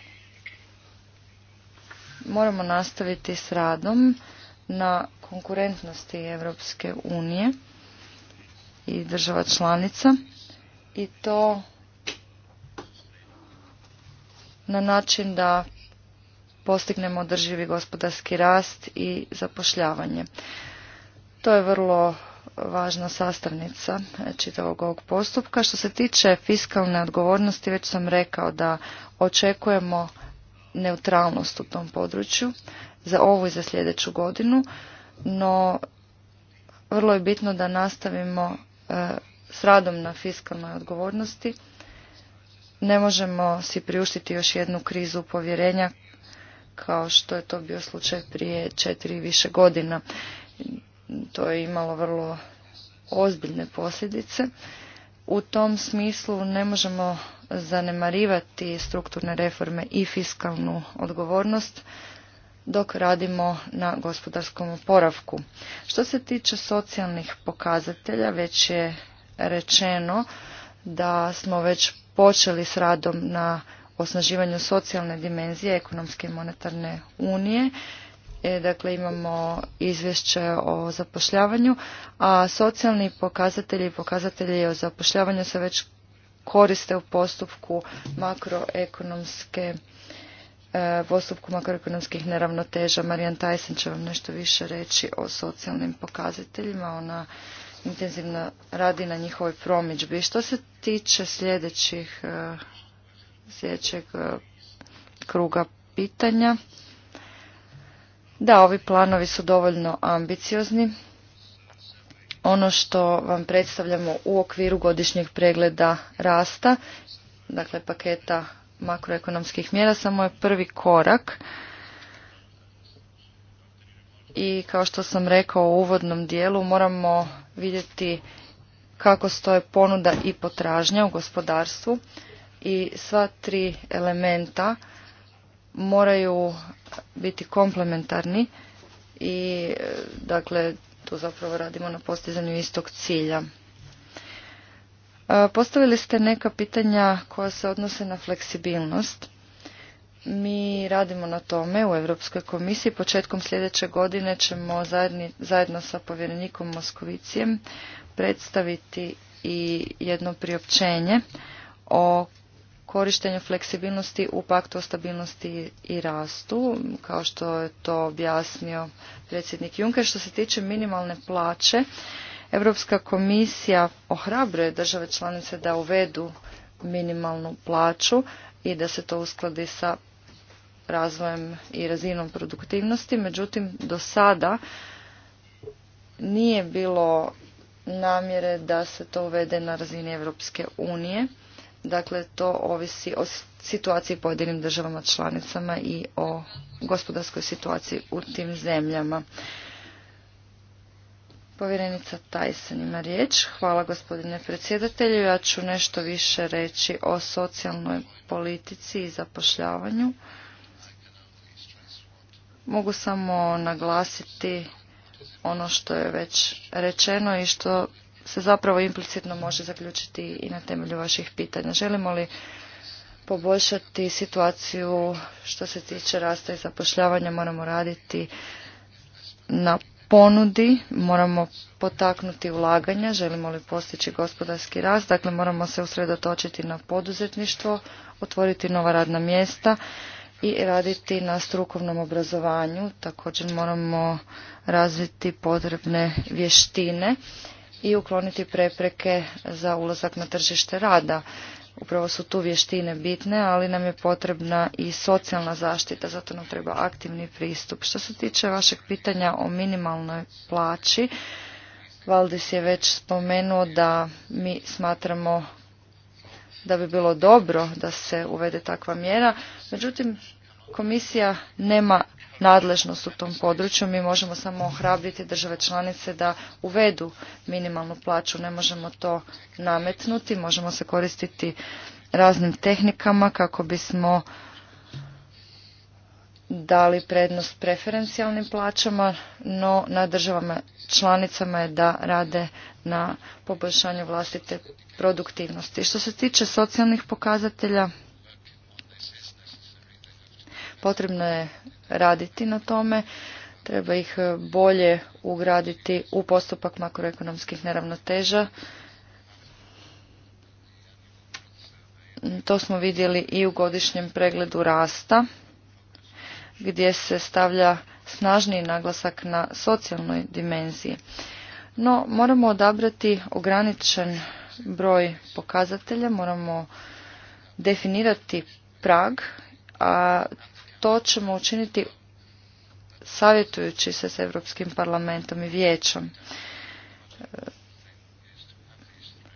moramo nastaviti s radom na konkurentnosti Europske unije i država članica i to na način da postignemo održivi gospodarski rast i zapošljavanje. To je vrlo važna sastavnica e, čitavog ovog postupka. Što se tiče fiskalne odgovornosti, već sam rekao da očekujemo neutralnost u tom području za ovu i za sljedeću godinu, no vrlo je bitno da nastavimo e, s radom na fiskalnoj odgovornosti. Ne možemo si priuštiti još jednu krizu povjerenja kao što je to bio slučaj prije četiri i više godina. To je imalo vrlo ozbiljne posljedice u tom smislu ne možemo zanemarivati strukturne reforme i fiskalnu odgovornost dok radimo na gospodarskom oporavku. Što se tiče socijalnih pokazatelja, već je rečeno da smo već počeli s radom na osnaživanju socijalne dimenzije ekonomske i monetarne unije E, dakle imamo izvješće o zapošljavanju, a socijalni pokazatelji i pokazatelji o zapošljavanju se već koriste u postupku makroekonomske e, postupku makroekonomskih neravnoteža. Marijan Tajsen će vam nešto više reći o socijalnim pokazateljima. Ona intenzivno radi na njihovoj promičbi. Što se tiče sljedećih e, sljedećeg kruga pitanja, da, ovi planovi su dovoljno ambiciozni. Ono što vam predstavljamo u okviru godišnjeg pregleda rasta, dakle paketa makroekonomskih mjera, samo je prvi korak. I kao što sam rekao u uvodnom dijelu, moramo vidjeti kako stoje ponuda i potražnja u gospodarstvu i sva tri elementa moraju biti komplementarni i dakle tu zapravo radimo na postizanju istog cilja. E, postavili ste neka pitanja koja se odnose na fleksibilnost. Mi radimo na tome u Europskoj komisiji. Početkom sljedeće godine ćemo zajedno sa povjerenikom Moskovicijem predstaviti i jedno priopćenje o korištenju fleksibilnosti u paktu o stabilnosti i rastu, kao što je to objasnio predsjednik Juncker. Što se tiče minimalne plaće, Europska komisija ohrabruje države članice da uvedu minimalnu plaću i da se to uskladi sa razvojem i razinom produktivnosti. Međutim, do sada nije bilo namjere da se to uvede na razini Europske unije Dakle, to ovisi o situaciji pojedinim državama članicama i o gospodarskoj situaciji u tim zemljama. Povjerenica Tajsen ima riječ. Hvala gospodine predsjedatelju. Ja ću nešto više reći o socijalnoj politici i zapošljavanju. Mogu samo naglasiti ono što je već rečeno i što se zapravo implicitno može zaključiti i na temelju vaših pitanja. Želimo li poboljšati situaciju što se tiče rasta i zapošljavanja, moramo raditi na ponudi, moramo potaknuti ulaganja, želimo li postići gospodarski rast, dakle moramo se usredotočiti na poduzetništvo, otvoriti nova radna mjesta i raditi na strukovnom obrazovanju. Također moramo razviti potrebne vještine i ukloniti prepreke za ulazak na tržište rada. Upravo su tu vještine bitne, ali nam je potrebna i socijalna zaštita, zato nam treba aktivni pristup. Što se tiče vašeg pitanja o minimalnoj plaći, Valdis je već spomenuo da mi smatramo da bi bilo dobro da se uvede takva mjera. Međutim, komisija nema nadležnost u tom području. Mi možemo samo ohrabriti države članice da uvedu minimalnu plaću. Ne možemo to nametnuti, možemo se koristiti raznim tehnikama kako bismo dali prednost preferencijalnim plaćama, no na državama članicama je da rade na poboljšanju vlastite produktivnosti. Što se tiče socijalnih pokazatelja, potrebno je raditi na tome. Treba ih e, bolje ugraditi u postupak makroekonomskih neravnoteža. To smo vidjeli i u godišnjem pregledu rasta, gdje se stavlja snažniji naglasak na socijalnoj dimenziji. No, moramo odabrati ograničen broj pokazatelja, moramo definirati prag, a to ćemo učiniti savjetujući se s Europskim parlamentom i vijećom. E,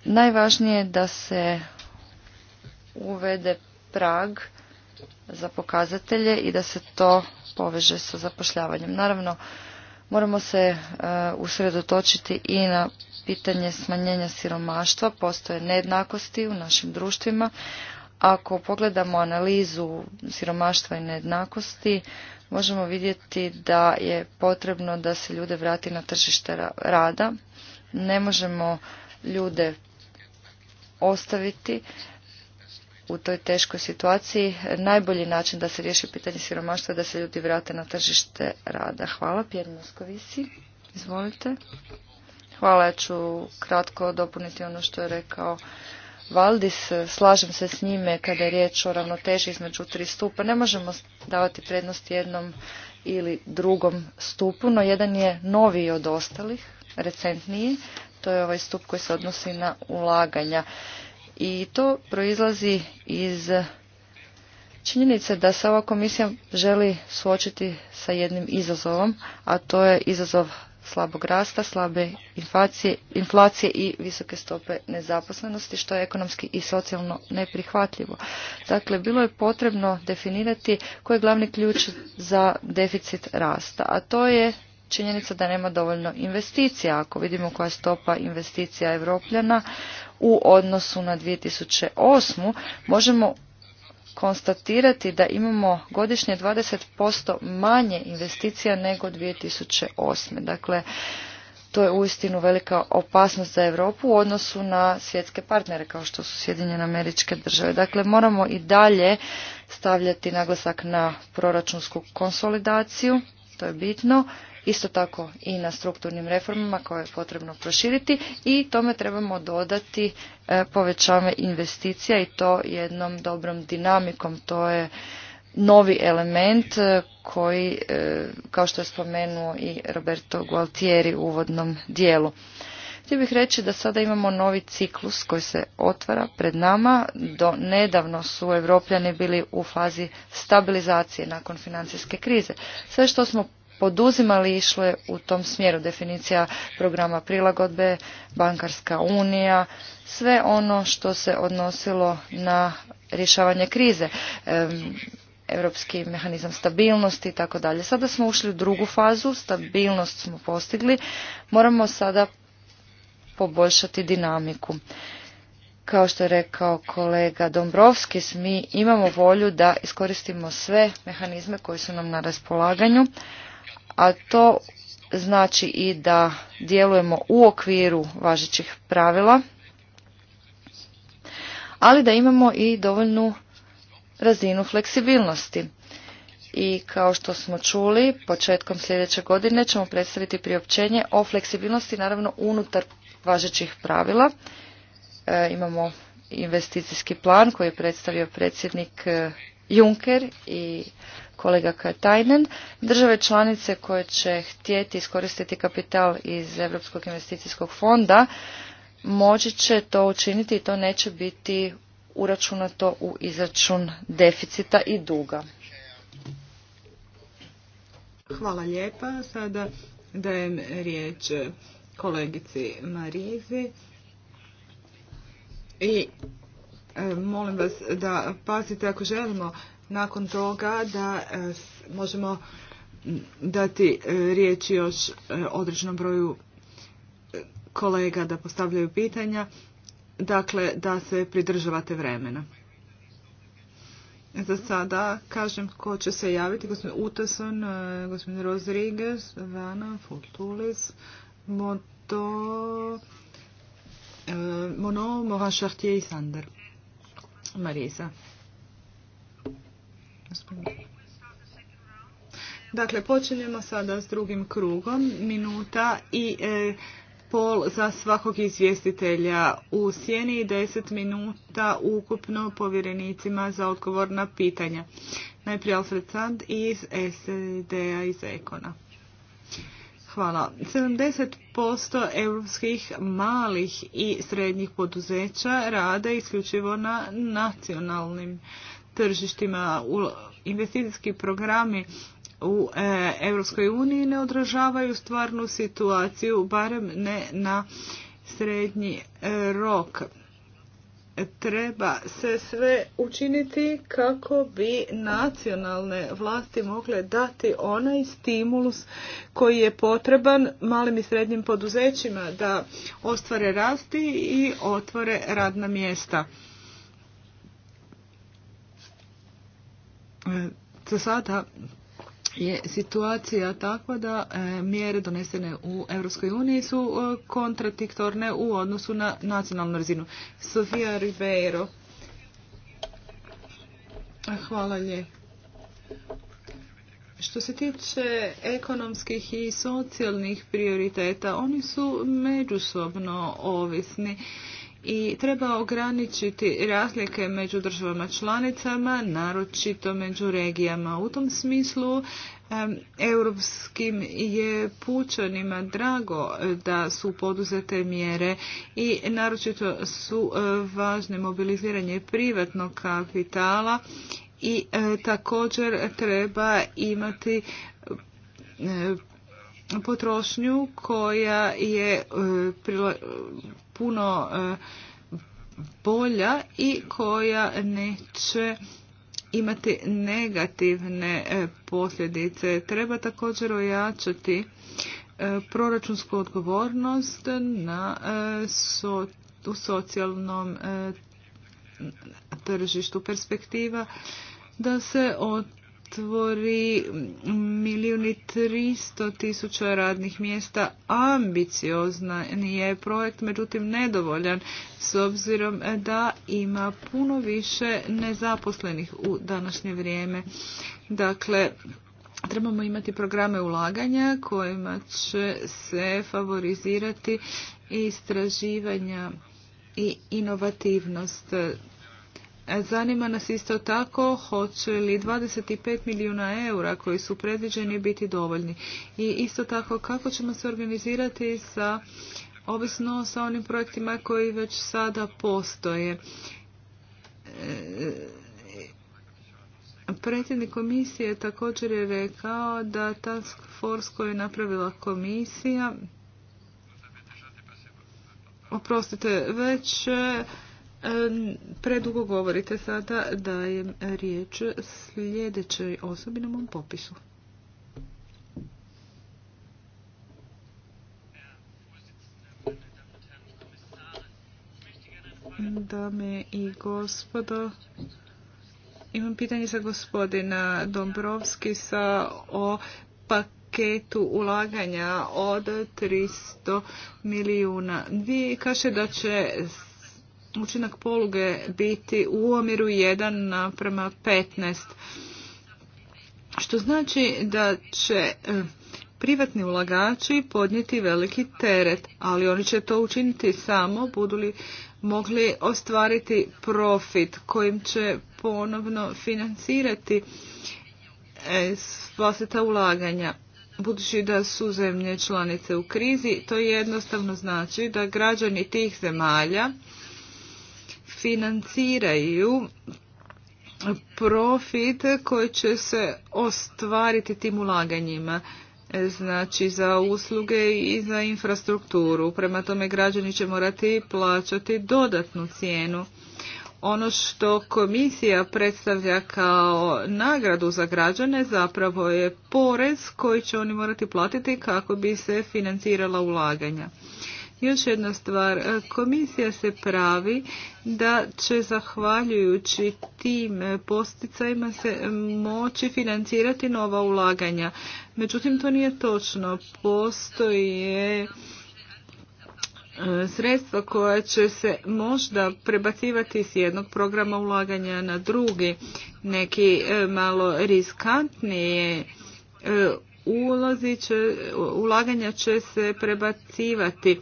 najvažnije je da se uvede prag za pokazatelje i da se to poveže sa zapošljavanjem. Naravno, moramo se e, usredotočiti i na pitanje smanjenja siromaštva. Postoje nejednakosti u našim društvima, ako pogledamo analizu siromaštva i nejednakosti, možemo vidjeti da je potrebno da se ljude vrati na tržište rada. Ne možemo ljude ostaviti u toj teškoj situaciji. Najbolji način da se riješi pitanje siromaštva je da se ljudi vrate na tržište rada. Hvala, Pjer Moskovisi. Izvolite. Hvala, ja ću kratko dopuniti ono što je rekao Valdis, e, slažem se s njime kada je riječ o ravnoteži između tri stupa. Ne možemo davati prednost jednom ili drugom stupu, no jedan je noviji od ostalih, recentniji. To je ovaj stup koji se odnosi na ulaganja. I to proizlazi iz činjenice da se ova komisija želi suočiti sa jednim izazovom, a to je izazov slabog rasta, slabe inflacije, inflacije i visoke stope nezaposlenosti, što je ekonomski i socijalno neprihvatljivo. Dakle, bilo je potrebno definirati koji je glavni ključ za deficit rasta, a to je činjenica da nema dovoljno investicija. Ako vidimo koja je stopa investicija Evropljana u odnosu na 2008. možemo konstatirati da imamo godišnje 20% manje investicija nego 2008. Dakle, to je uistinu velika opasnost za Europu u odnosu na svjetske partnere kao što su Sjedinjene američke države. Dakle, moramo i dalje stavljati naglasak na proračunsku konsolidaciju to je bitno. Isto tako i na strukturnim reformama koje je potrebno proširiti i tome trebamo dodati e, povećanje investicija i to jednom dobrom dinamikom. To je novi element e, koji, e, kao što je spomenuo i Roberto Gualtieri u uvodnom dijelu. Htio bih reći da sada imamo novi ciklus koji se otvara pred nama. Do nedavno su Evropljani bili u fazi stabilizacije nakon financijske krize. Sve što smo poduzimali išlo je u tom smjeru. Definicija programa prilagodbe, bankarska unija, sve ono što se odnosilo na rješavanje krize. Europski mehanizam stabilnosti i tako dalje. Sada smo ušli u drugu fazu, stabilnost smo postigli. Moramo sada poboljšati dinamiku. Kao što je rekao kolega Dombrovski, mi imamo volju da iskoristimo sve mehanizme koji su nam na raspolaganju, a to znači i da djelujemo u okviru važećih pravila, ali da imamo i dovoljnu razinu fleksibilnosti. I kao što smo čuli, početkom sljedeće godine ćemo predstaviti priopćenje o fleksibilnosti, naravno unutar važećih pravila. E, imamo investicijski plan koji je predstavio predsjednik e, Juncker i kolega Katajnen. Države članice koje će htjeti iskoristiti kapital iz Europskog investicijskog fonda moći će to učiniti i to neće biti uračunato u izračun deficita i duga. Hvala lijepa. Sada dajem riječ kolegici Marizi. I e, molim vas da pazite ako želimo nakon toga da e, možemo dati e, riječ još određenom broju kolega da postavljaju pitanja, dakle da se pridržavate vremena. Za sada kažem ko će se javiti, gospodin Utason, gospodin Rodriguez, Vana, Fultulis, Moto, euh, mon Sander. Marisa. Dakle, počinjemo sada s drugim krugom. Minuta i eh, pol za svakog izvjestitelja u sjeni i deset minuta ukupno povjerenicima za odgovor na pitanja. Najprije Alfred Sand iz SED-a iz Ekona. Hvala. 70% europskih malih i srednjih poduzeća rade isključivo na nacionalnim tržištima. Investicijski programi u eh, Europskoj uniji ne odražavaju stvarnu situaciju, barem ne na srednji eh, rok treba se sve učiniti kako bi nacionalne vlasti mogle dati onaj stimulus koji je potreban malim i srednjim poduzećima da ostvare rasti i otvore radna mjesta. E, za sada je situacija takva da e, mjere donesene u Europskoj uniji su e, kontradiktorne u odnosu na nacionalnu razinu. Sofia Ribeiro. Hvala lje. Što se tiče ekonomskih i socijalnih prioriteta, oni su međusobno ovisni i treba ograničiti razlike među državama članicama, naročito među regijama. U tom smislu europskim je pučanima drago e, da su poduzete mjere i naročito su e, važne mobiliziranje privatnog kapitala i e, također treba imati potrošnju koja je puno e, bolja i koja neće imati negativne e, posljedice. Treba također ojačati e, proračunsku odgovornost na, u socijalnom tržištu perspektiva da se od otvori i tristo tisuća radnih mjesta ambiciozna nije projekt, međutim nedovoljan s obzirom da ima puno više nezaposlenih u današnje vrijeme. Dakle, trebamo imati programe ulaganja kojima će se favorizirati istraživanja i inovativnost Zanima nas isto tako hoće li 25 milijuna eura koji su predviđeni biti dovoljni i isto tako kako ćemo se organizirati sa ovisno sa onim projektima koji već sada postoje. E, predsjednik komisije također je rekao da task force koju je napravila komisija oprostite, već Predugo govorite sada dajem riječ sljedećoj osobi na mom popisu. Dame i gospodo, imam pitanje za gospodina Dombrovski sa o paketu ulaganja od 300 milijuna. Vi kaže da će učinak poluge biti u omjeru 1 naprema 15. Što znači da će e, privatni ulagači podnijeti veliki teret, ali oni će to učiniti samo budu li mogli ostvariti profit kojim će ponovno financirati e, vlastita ulaganja. Budući da su zemlje članice u krizi, to jednostavno znači da građani tih zemalja financiraju profit koji će se ostvariti tim ulaganjima e, znači za usluge i za infrastrukturu. Prema tome građani će morati plaćati dodatnu cijenu. Ono što komisija predstavlja kao nagradu za građane zapravo je porez koji će oni morati platiti kako bi se financirala ulaganja. Još jedna stvar, e, komisija se pravi da će zahvaljujući tim posticajima se moći financirati nova ulaganja. Međutim, to nije točno. Postoje e, sredstva koja će se možda prebacivati s jednog programa ulaganja na drugi, neki e, malo riskantnije ulozi ulaganja će se prebacivati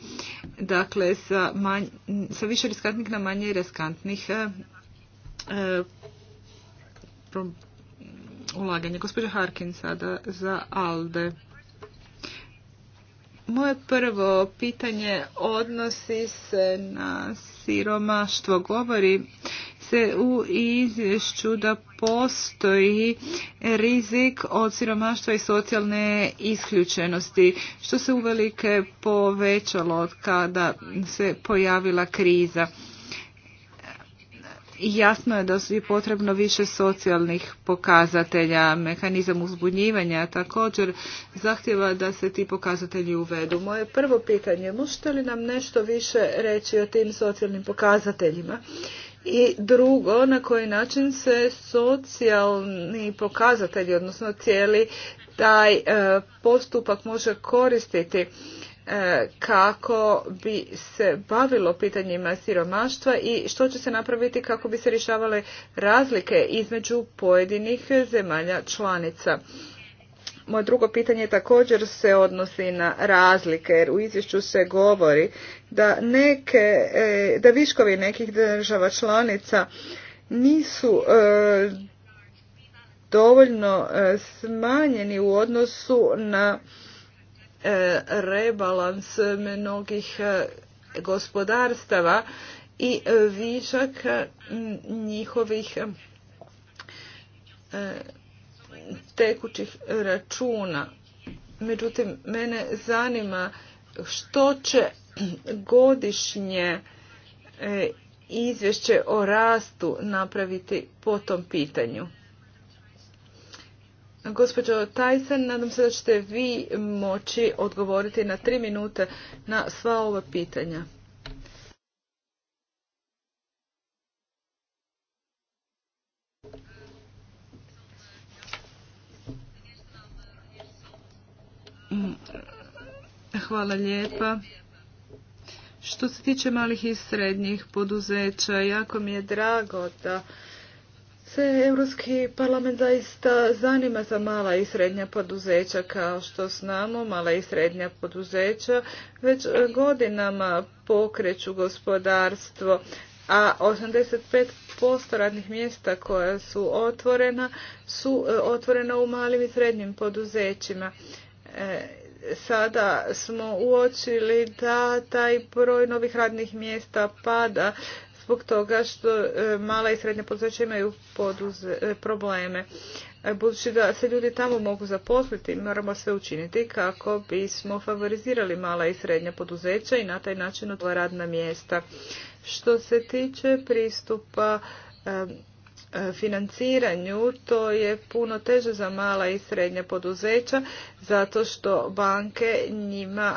dakle sa, sa više riskantnih na manje riskantnih e, eh, eh, pro, ulaganja. Gospođa Harkin sada za ALDE. Moje prvo pitanje odnosi se na siromaštvo. Govori se u izvješću da postoji rizik od siromaštva i socijalne isključenosti, što se uvelike povećalo od kada se pojavila kriza. Jasno je da su je potrebno više socijalnih pokazatelja. Mehanizam uzbunjivanja također zahtjeva da se ti pokazatelji uvedu. Moje prvo pitanje, možete li nam nešto više reći o tim socijalnim pokazateljima? I drugo, na koji način se socijalni pokazatelji, odnosno cijeli taj e, postupak može koristiti e, kako bi se bavilo pitanjima siromaštva i što će se napraviti kako bi se rješavale razlike između pojedinih zemalja članica. Moje drugo pitanje također se odnosi na razlike jer u izvješću se govori da neke, e, da viškovi nekih država članica nisu e, dovoljno e, smanjeni u odnosu na rebalans mnogih gospodarstava i višak njihovih tekućih računa. Međutim, mene zanima što će godišnje e, izvješće o rastu napraviti po tom pitanju. Gospođo Tyson, nadam se da ćete vi moći odgovoriti na tri minute na sva ova pitanja. Hvala lijepa. Što se tiče malih i srednjih poduzeća, jako mi je drago da se Europski parlament zaista zanima za mala i srednja poduzeća. Kao što znamo, mala i srednja poduzeća već godinama pokreću gospodarstvo, a 85% radnih mjesta koja su otvorena su e, otvorena u malim i srednjim poduzećima. E, sada smo uočili da taj broj novih radnih mjesta pada zbog toga što e, mala i srednja poduzeća imaju poduze, e, probleme. E, budući da se ljudi tamo mogu zaposliti, moramo sve učiniti kako bismo favorizirali mala i srednja poduzeća i na taj način otvorila radna mjesta. Što se tiče pristupa financiranju to je puno teže za mala i srednja poduzeća zato što banke njima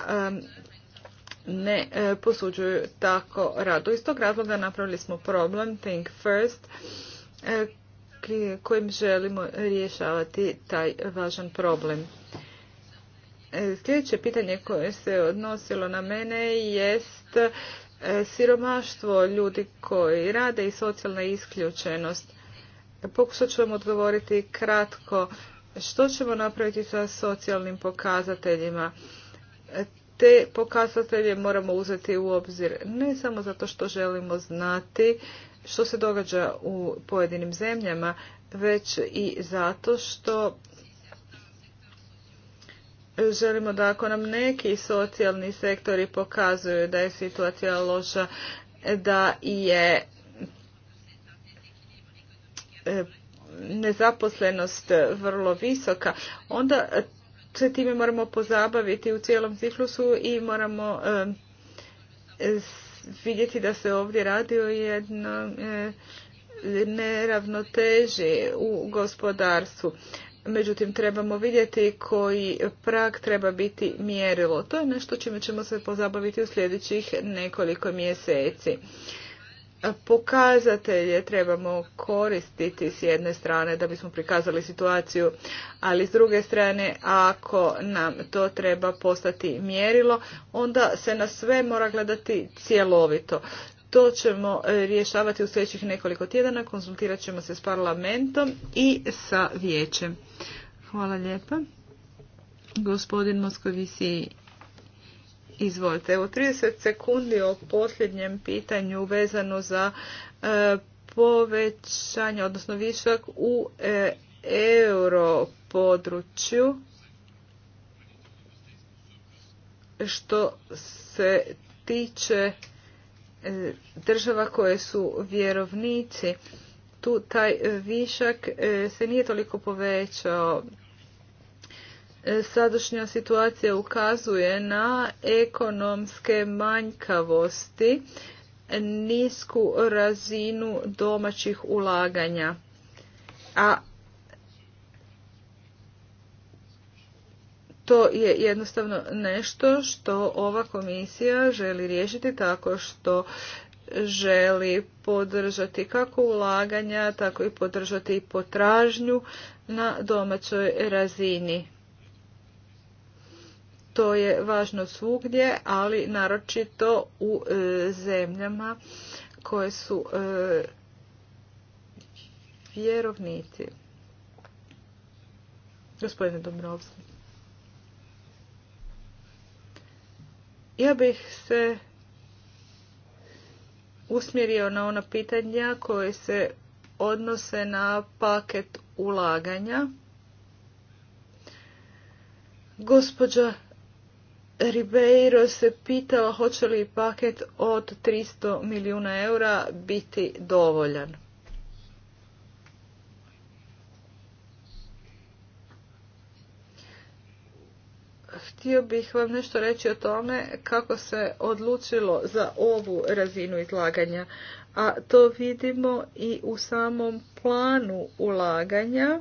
ne e, posuđuju tako radu. Iz tog razloga napravili smo problem Think First e, kojim želimo rješavati taj važan problem. E, sljedeće pitanje koje se odnosilo na mene jest siromaštvo ljudi koji rade i socijalna isključenost. Pokušat ću vam odgovoriti kratko. Što ćemo napraviti sa socijalnim pokazateljima? Te pokazatelje moramo uzeti u obzir ne samo zato što želimo znati što se događa u pojedinim zemljama, već i zato što želimo da ako nam neki socijalni sektori pokazuju da je situacija loša, da je E, nezaposlenost vrlo visoka, onda se time moramo pozabaviti u cijelom ciklusu i moramo e, vidjeti da se ovdje radi o jednom e, neravnoteži u gospodarstvu. Međutim, trebamo vidjeti koji prag treba biti mjerilo. To je nešto čime ćemo se pozabaviti u sljedećih nekoliko mjeseci pokazatelje trebamo koristiti s jedne strane da bismo prikazali situaciju, ali s druge strane ako nam to treba postati mjerilo, onda se na sve mora gledati cjelovito. To ćemo e, rješavati u sljedećih nekoliko tjedana, konzultirat ćemo se s parlamentom i sa vijećem. Hvala lijepa. Gospodin Moskovici Izvolite, evo 30 sekundi o posljednjem pitanju vezano za e, povećanje, odnosno višak u e, euro području što se tiče e, država koje su vjerovnici tu taj višak e, se nije toliko povećao E, sadašnja situacija ukazuje na ekonomske manjkavosti, nisku razinu domaćih ulaganja. A to je jednostavno nešto što ova komisija želi riješiti tako što želi podržati kako ulaganja, tako i podržati potražnju na domaćoj razini. To je važno svugdje, ali naročito u e, zemljama koje su e, vjerovnici. Gospodine Dobrovski. Ja bih se usmjerio na ona pitanja koje se odnose na paket ulaganja. Gospođa Ribeiro se pitao hoće li paket od 300 milijuna eura biti dovoljan. Htio bih vam nešto reći o tome kako se odlučilo za ovu razinu izlaganja, a to vidimo i u samom planu ulaganja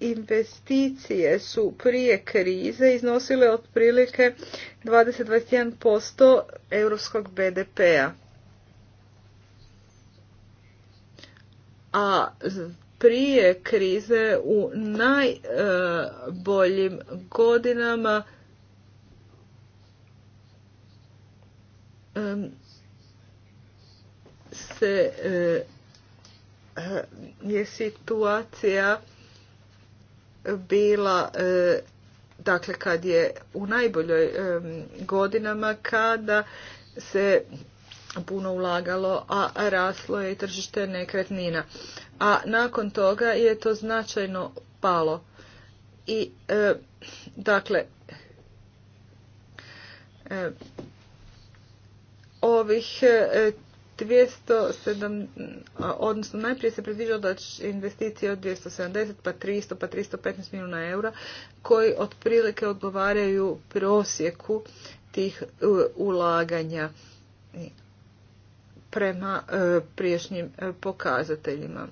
investicije su prije krize iznosile otprilike 20-21% europskog BDP-a. A prije krize u najboljim godinama se eh, eh, je situacija bila e, dakle kad je u najboljoj e, godinama kada se puno ulagalo, a raslo je i tržište nekretnina. A nakon toga je to značajno palo. I e, dakle ovih 270, odnosno najprije se predviđalo da će investicije od 270 pa 300 pa 315 milijuna eura koji otprilike odgovaraju prosjeku tih e, ulaganja prema e, priješnjim e, pokazateljima.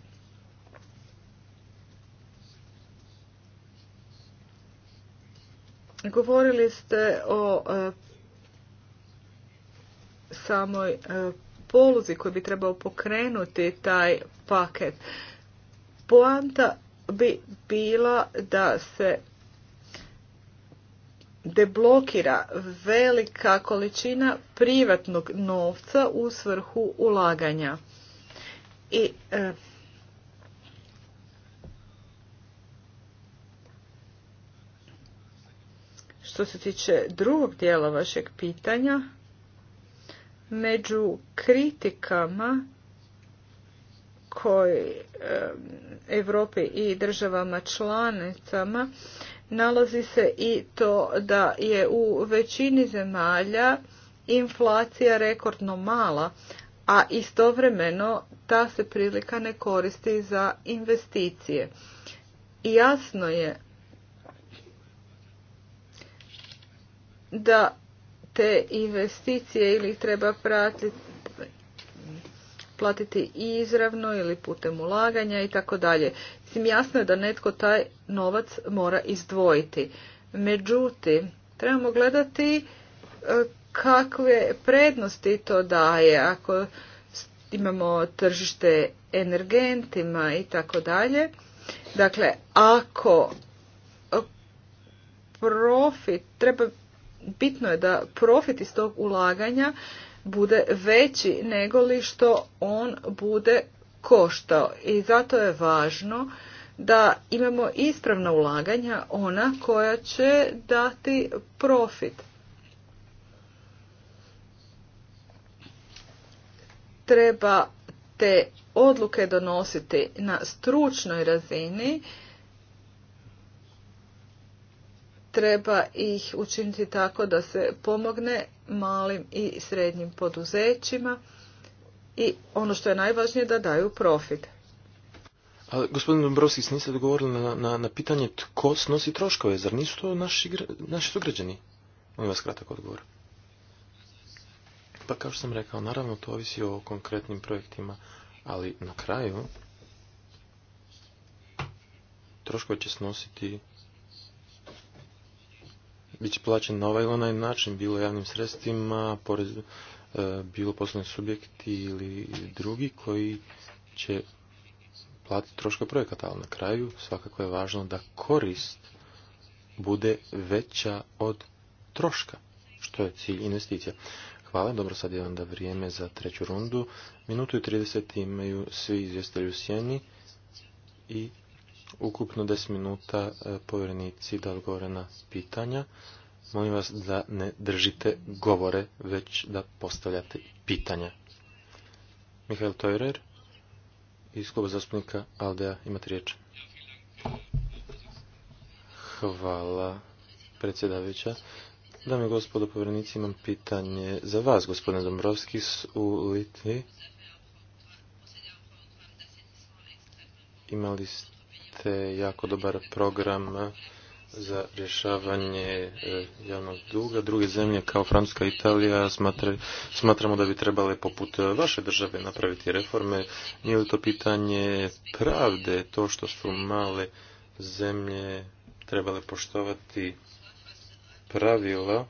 Govorili ste o samoj poluzi koji bi trebao pokrenuti taj paket. Poanta bi bila da se deblokira velika količina privatnog novca u svrhu ulaganja. I e, što se tiče drugog dijela vašeg pitanja, među kritikama koji Europi i državama članicama nalazi se i to da je u većini zemalja inflacija rekordno mala, a istovremeno ta se prilika ne koristi za investicije. jasno je da te investicije ili ih treba pratiti, platiti izravno ili putem ulaganja i tako dalje. Mislim, jasno je da netko taj novac mora izdvojiti. Međutim, trebamo gledati e, kakve prednosti to daje ako imamo tržište energentima i tako dalje. Dakle, ako profit treba bitno je da profit iz tog ulaganja bude veći nego li što on bude koštao. I zato je važno da imamo ispravna ulaganja, ona koja će dati profit. Treba te odluke donositi na stručnoj razini treba ih učiniti tako da se pomogne malim i srednjim poduzećima i ono što je najvažnije da daju profit. A, gospodin Dombrovskis, niste odgovorili na, na, na, pitanje tko snosi troškove, zar nisu to naši, naši sugrađani? Molim vas kratak odgovor. Pa kao što sam rekao, naravno to ovisi o konkretnim projektima, ali na kraju troškove će snositi bit plaćen na ovaj ili onaj način, bilo javnim sredstvima, e, bilo poslovni subjekti ili drugi koji će platiti troška projekata, ali na kraju svakako je važno da korist bude veća od troška, što je cilj investicija. Hvala, dobro sad je onda vrijeme za treću rundu. Minutu i 30 imaju svi izvjestelji u sjeni i ukupno 10 minuta e, povjerenici da odgovore na pitanja. Molim vas da ne držite govore, već da postavljate pitanja. Mihael Tojrer iz kluba zastupnika Aldea imate riječ. Hvala predsjedavajuća. Dame i gospodo povjerenici, imam pitanje za vas, gospodine Dombrovskis u Litvi. Imali ste imate jako dobar program za rješavanje e, javnog duga. Druge zemlje kao Francuska i Italija smatramo da bi trebale poput vaše države napraviti reforme. Nije li to pitanje pravde to što su male zemlje trebale poštovati pravila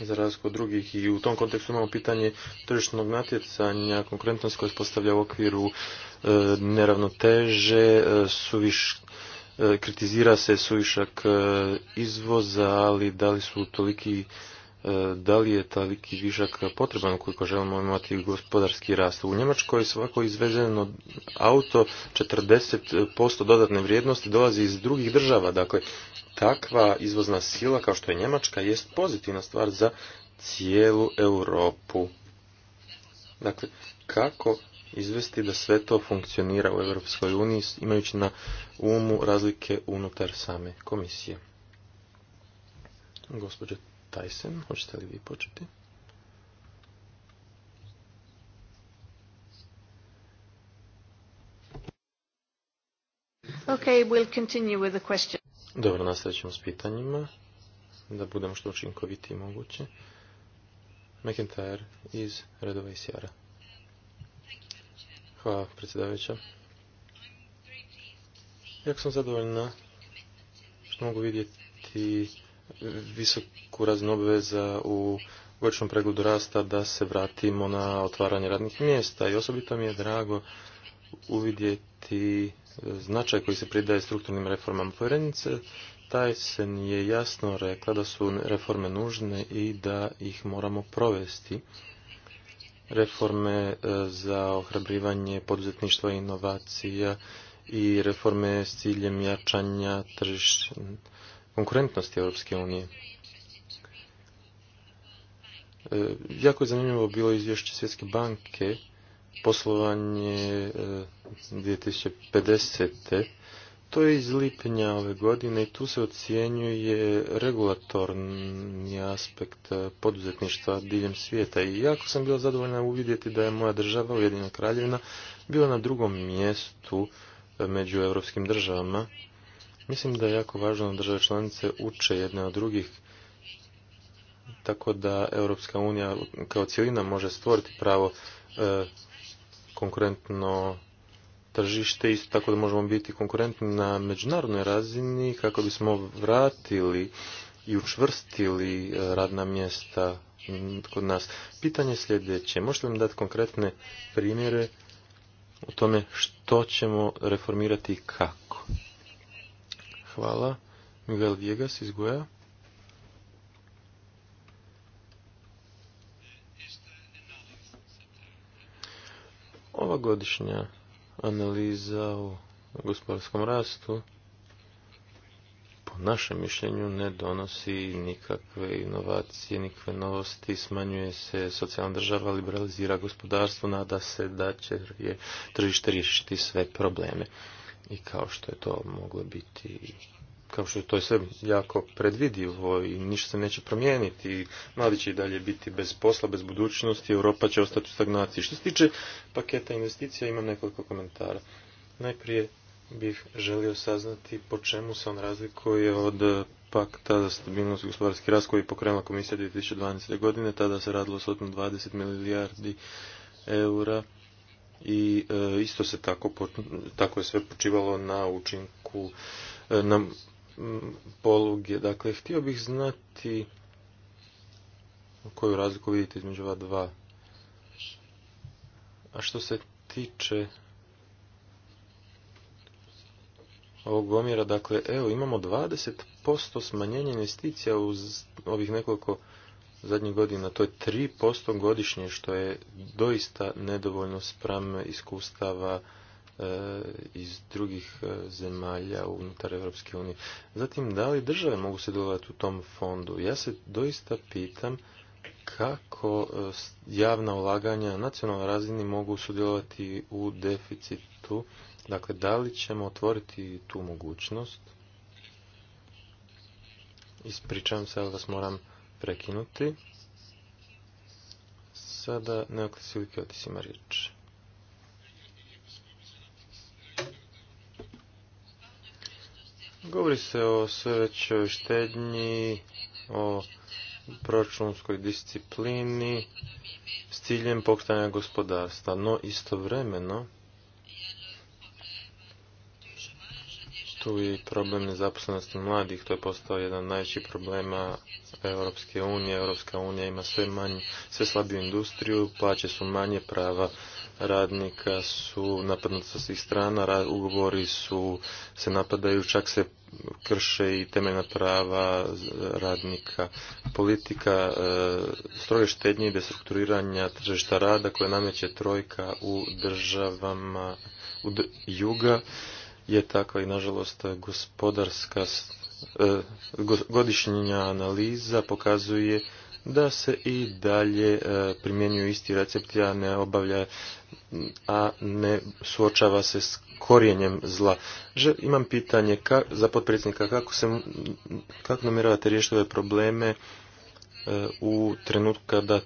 za razliku od drugih i u tom kontekstu imamo pitanje tržišnog natjecanja, konkurentnost koja se postavlja u okviru E, neravnoteže, e, suviš, e, kritizira se suvišak izvoza, ali da li su toliki da li je toliki višak potreban ukoliko želimo imati gospodarski rast. U Njemačkoj svako izvezeno auto 40% dodatne vrijednosti dolazi iz drugih država. Dakle, takva izvozna sila kao što je Njemačka jest pozitivna stvar za cijelu Europu. Dakle, kako izvesti da sve to funkcionira u Europskoj uniji imajući na umu razlike unutar same komisije. Gospođa Tyson, hoćete li vi početi? Okay, we'll continue with the Dobro, nastavit ćemo s pitanjima, da budemo što učinkovitiji moguće. McIntyre iz redova i Hvala, predsjedavajuća. Jako sam zadovoljna što mogu vidjeti visoku razinu obveza u godišnjem pregledu rasta da se vratimo na otvaranje radnih mjesta i osobito mi je drago uvidjeti značaj koji se pridaje strukturnim reformama. Taj sen je jasno rekla da su reforme nužne i da ih moramo provesti reforme e, za ohrabrivanje poduzetništva i inovacija i reforme s ciljem jačanja konkurentnosti Europske unije. E, jako je zanimljivo bilo izvješće Svjetske banke poslovanje 2050. E, to je iz lipnja ove godine i tu se ocjenjuje regulatorni aspekt poduzetništva diljem svijeta i jako sam bila zadovoljna uvidjeti da je moja država, Ujedinjena kraljevina, bila na drugom mjestu e, među europskim državama. Mislim da je jako važno da države članice uče jedne od drugih tako da Europska unija kao cijelina može stvoriti pravo e, konkurentno tržište, isto tako da možemo biti konkurentni na međunarodnoj razini kako bismo vratili i učvrstili e, radna mjesta kod nas. Pitanje je sljedeće. Možete li dati konkretne primjere o tome što ćemo reformirati i kako? Hvala. Miguel Viegas iz Goja. Ova godišnja analiza o gospodarskom rastu po našem mišljenju ne donosi nikakve inovacije, nikakve novosti, smanjuje se socijalna država, liberalizira gospodarstvo, nada se da će tržište riješiti sve probleme. I kao što je to moglo biti kao što je to sve jako predvidivo i ništa se neće promijeniti. Mladi će i dalje biti bez posla, bez budućnosti, Europa će ostati u stagnaciji. Što se tiče paketa investicija, imam nekoliko komentara. Najprije bih želio saznati po čemu se on razlikuje od pakta za stabilnost i gospodarski rast koji je pokrenula komisija 2012. godine. Tada se radilo 120 milijardi eura i e, isto se tako, tako je sve počivalo na učinku e, na poluge. Dakle, htio bih znati koju razliku vidite između ova dva. A što se tiče ovog omjera, dakle, evo, imamo 20% smanjenje investicija u ovih nekoliko zadnjih godina. To je 3% godišnje, što je doista nedovoljno spram iskustava Eh, iz drugih eh, zemalja unutar Europske unije. Zatim, da li države mogu sudjelovati u tom fondu? Ja se doista pitam kako eh, javna ulaganja na nacionalnoj razini mogu sudjelovati u deficitu. Dakle, da li ćemo otvoriti tu mogućnost? Ispričavam se, ali vas moram prekinuti. Sada Neoklis otisima ima Govori se o sve većoj štednji, o proračunskoj disciplini s ciljem pokretanja gospodarstva, no istovremeno tu je i problem nezaposlenosti mladih, to je postao jedan od najvećih problema Europske unije. Europska unija ima sve manje, sve slabiju industriju, plaće su manje prava radnika su napadnuti sa svih strana, ugovori su se napadaju, čak se krše i temeljna prava radnika. Politika e, stroje štednje i destrukturiranja tržišta rada koje nameće trojka u državama u juga je takva i nažalost gospodarska e, godišnja analiza pokazuje da se i dalje e, primjenjuju isti recepti, a ne obavlja a ne suočava se s korijenjem zla. Že, imam pitanje za potpredsjednika, kako, se, kako namjeravate riješiti ove probleme e, u trenutku kada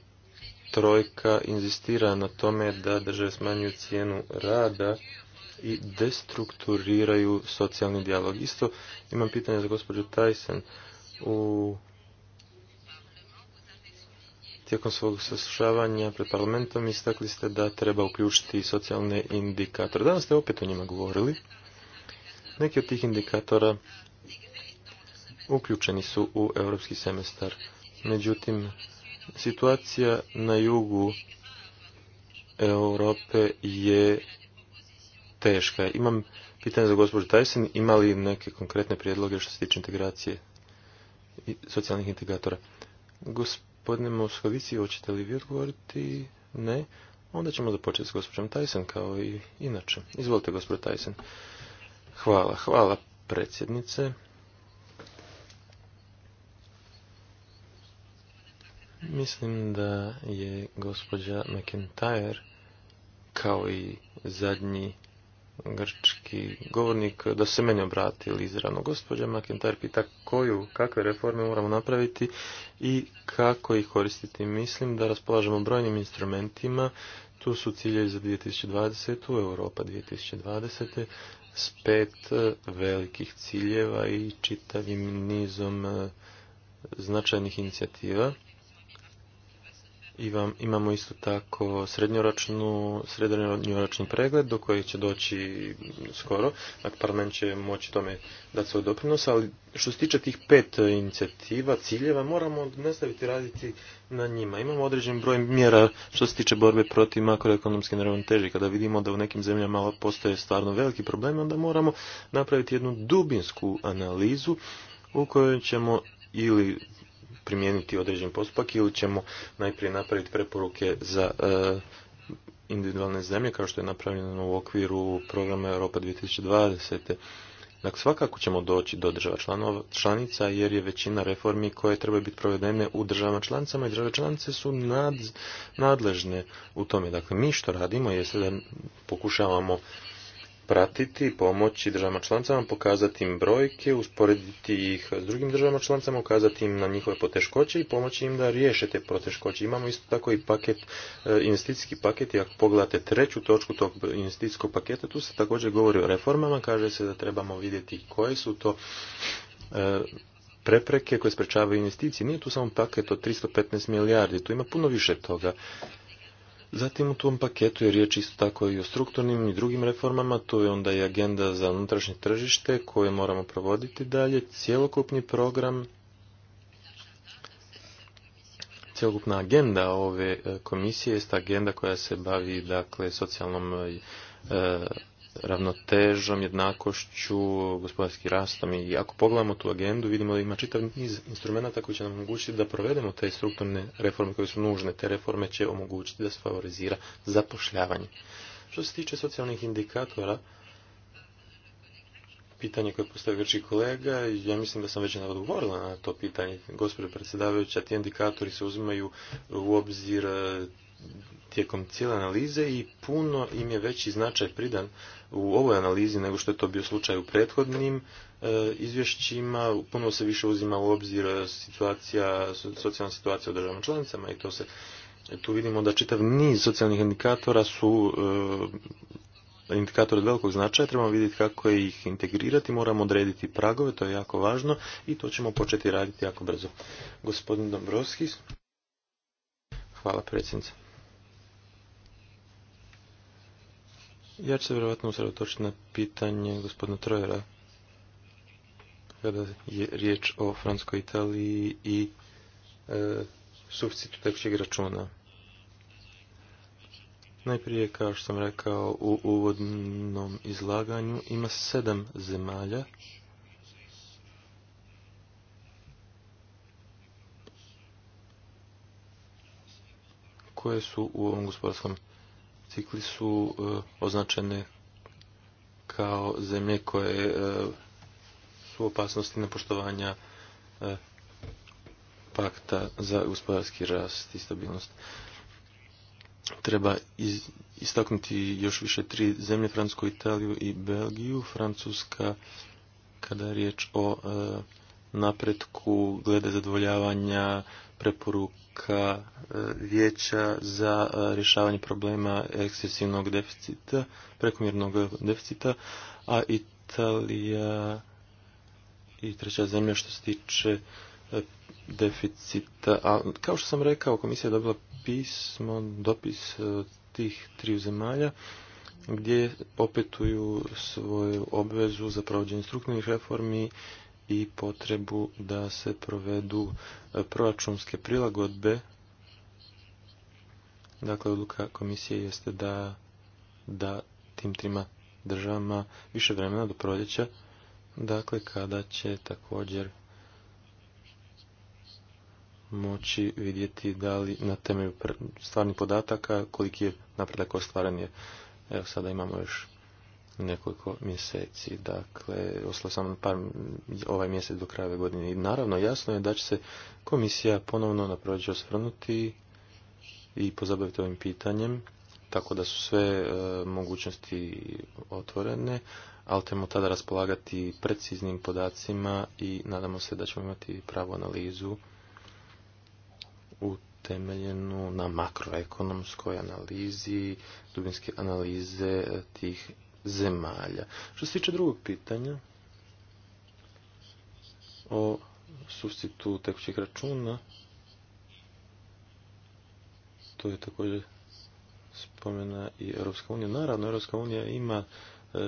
trojka inzistira na tome da države smanjuju cijenu rada i destrukturiraju socijalni dijalog. Isto imam pitanje za gospođu Tyson. U Tijekom svog saslušavanja pred parlamentom istakli ste da treba uključiti socijalne indikatore. Danas ste opet o njima govorili. Neki od tih indikatora uključeni su u europski semestar. Međutim, situacija na jugu Europe je teška. Imam pitanje za gospođu Tyson. Ima li neke konkretne prijedloge što se tiče integracije i socijalnih integratora? Gospod Gospodine Moskovici, hoćete li vi odgovoriti? Ne. Onda ćemo započeti s gospođom Tyson kao i inače. Izvolite gospođo Tyson. Hvala, hvala predsjednice. Mislim da je gospođa McIntyre kao i zadnji grčki govornik da se meni ili izravno. Gospođa McIntyre pita kakve reforme moramo napraviti i kako ih koristiti. Mislim da raspolažemo brojnim instrumentima. Tu su ciljevi za 2020. Europa 2020. S pet e, velikih ciljeva i čitavim nizom e, značajnih inicijativa imamo isto tako srednjoročnu, srednjoročni pregled do kojeg će doći skoro. Dakle, parlament će moći tome dati svoj doprinos, ali što se tiče tih pet inicijativa, ciljeva, moramo nastaviti raditi na njima. Imamo određen broj mjera što se tiče borbe protiv makroekonomske neravnoteže. Kada vidimo da u nekim zemljama postoje stvarno veliki problem, onda moramo napraviti jednu dubinsku analizu u kojoj ćemo ili primijeniti određen postupak ili ćemo najprije napraviti preporuke za e, individualne zemlje kao što je napravljeno u okviru programa Europa 2020. Dakle, svakako ćemo doći do država članova, članica jer je većina reformi koje trebaju biti provedene u državama članicama i države članice su nad, nadležne u tome. Dakle, mi što radimo je da pokušavamo pratiti, pomoći državama članicama, pokazati im brojke, usporediti ih s drugim državama članicama, ukazati im na njihove poteškoće i pomoći im da riješe te poteškoće. Imamo isto tako i paket, e, investicijski paket i ako pogledate treću točku tog investicijskog paketa, tu se također govori o reformama, kaže se da trebamo vidjeti koje su to e, prepreke koje sprečavaju investicije. Nije tu samo paket od 315 milijardi, tu ima puno više toga. Zatim u tom paketu je riječ isto tako i o strukturnim i drugim reformama, tu je onda i agenda za unutrašnje tržište koje moramo provoditi dalje, cjelokupni program, cjelokupna agenda ove e, komisije jest agenda koja se bavi dakle socijalnom e, ravnotežom, jednakošću, gospodarski rastom i ako pogledamo tu agendu vidimo da ima čitav niz instrumenta koji će nam omogućiti da provedemo te strukturne reforme koje su nužne. Te reforme će omogućiti da se favorizira zapošljavanje. Što se tiče socijalnih indikatora, pitanje koje postavio grčki kolega, ja mislim da sam već odgovorila na to pitanje. gospodine predsjedavajuća, ti indikatori se uzimaju u obzir tijekom cijele analize i puno im je veći značaj pridan u ovoj analizi nego što je to bio slučaj u prethodnim e, izvješćima. Puno se više uzima u obzir situacija, socijalna situacija u državama članicama i to se tu vidimo da čitav niz socijalnih indikatora su e, indikatori od velikog značaja, trebamo vidjeti kako ih integrirati, moramo odrediti pragove, to je jako važno i to ćemo početi raditi jako brzo. Gospodin Dombrovski. Hvala predsjednice. Ja ću se vjerojatno usredotočiti na pitanje gospodina Trojera kada je riječ o Francuskoj Italiji i e, suficitu tekućeg računa. Najprije, kao što sam rekao u uvodnom izlaganju, ima sedam zemalja koje su u ovom gospodarskom Cikli su e, označene kao zemlje koje e, su opasnosti nepoštovanja e, pakta za gospodarski rast i stabilnost. Treba istaknuti još više tri zemlje, Francusku, Italiju i Belgiju. Francuska, kada je riječ o napretku glede zadovoljavanja preporuka e, vijeća za e, rješavanje problema ekscesivnog deficita, prekomjernog deficita, a Italija i treća zemlja što se tiče e, deficita. A, kao što sam rekao, komisija je dobila pismo, dopis tih triju zemalja gdje opetuju svoju obvezu za provođenje strukturnih reformi i potrebu da se provedu e, proračunske prilagodbe. Dakle, odluka komisije jeste da, da tim trima državama više vremena do proljeća, dakle kada će također moći vidjeti da li na temelju stvarnih podataka koliki je napredak ostvaren je. Evo sada imamo još nekoliko mjeseci. Dakle, ostalo samo par ovaj mjesec do kraja godine. I naravno, jasno je da će se komisija ponovno na prođe osvrnuti i pozabaviti ovim pitanjem, tako da su sve e, mogućnosti otvorene, ali ćemo tada raspolagati preciznim podacima i nadamo se da ćemo imati pravu analizu utemeljenu na makroekonomskoj analizi, dubinske analize tih zemalja. Što se tiče drugog pitanja o substitu tekućih računa, to je također spomena i Europska unija. Naravno, Europska unija ima e,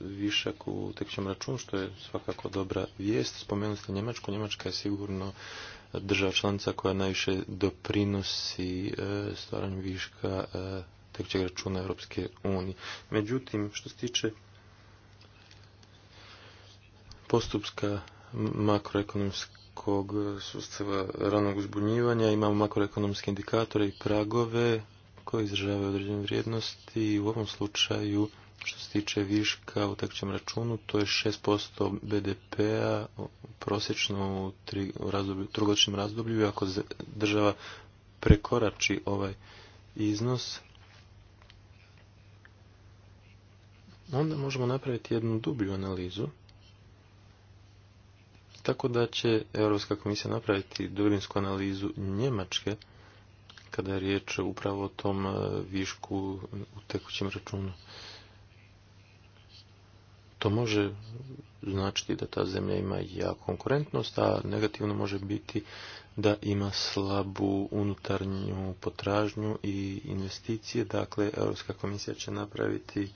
višak u tekućem računu, što je svakako dobra vijest. Spomenuli ste Njemačku. Njemačka je sigurno država članica koja najviše doprinosi e, stvaranju viška e, tekućeg računa Europske unije. Međutim, što se tiče postupska makroekonomskog sustava ranog uzbunjivanja, imamo makroekonomske indikatore i pragove koji izražavaju određene vrijednosti i u ovom slučaju što se tiče viška u tekućem računu, to je 6% BDP-a prosječno u, tri, razdoblju, razdoblju. Ako država prekorači ovaj iznos, onda možemo napraviti jednu dublju analizu tako da će Europska komisija napraviti dubinsku analizu Njemačke kada je riječ upravo o tom e, višku u tekućem računu. To može značiti da ta zemlja ima jaku konkurentnost, a negativno može biti da ima slabu unutarnju potražnju i investicije. Dakle, Europska komisija će napraviti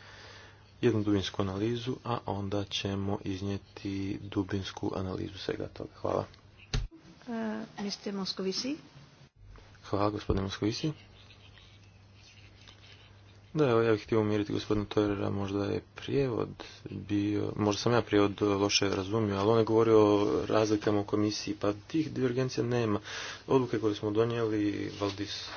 jednu dubinsku analizu, a onda ćemo iznijeti dubinsku analizu svega toga. Hvala. Uh, Mr. Moskovisi? Hvala, gospodine Moskovici. Da, evo, ja bih htio umiriti gospodina Torera, možda je prijevod bio, možda sam ja prijevod loše razumio, ali on je govorio o razlikama u komisiji, pa tih divergencija nema. Odluke koje smo donijeli, Valdis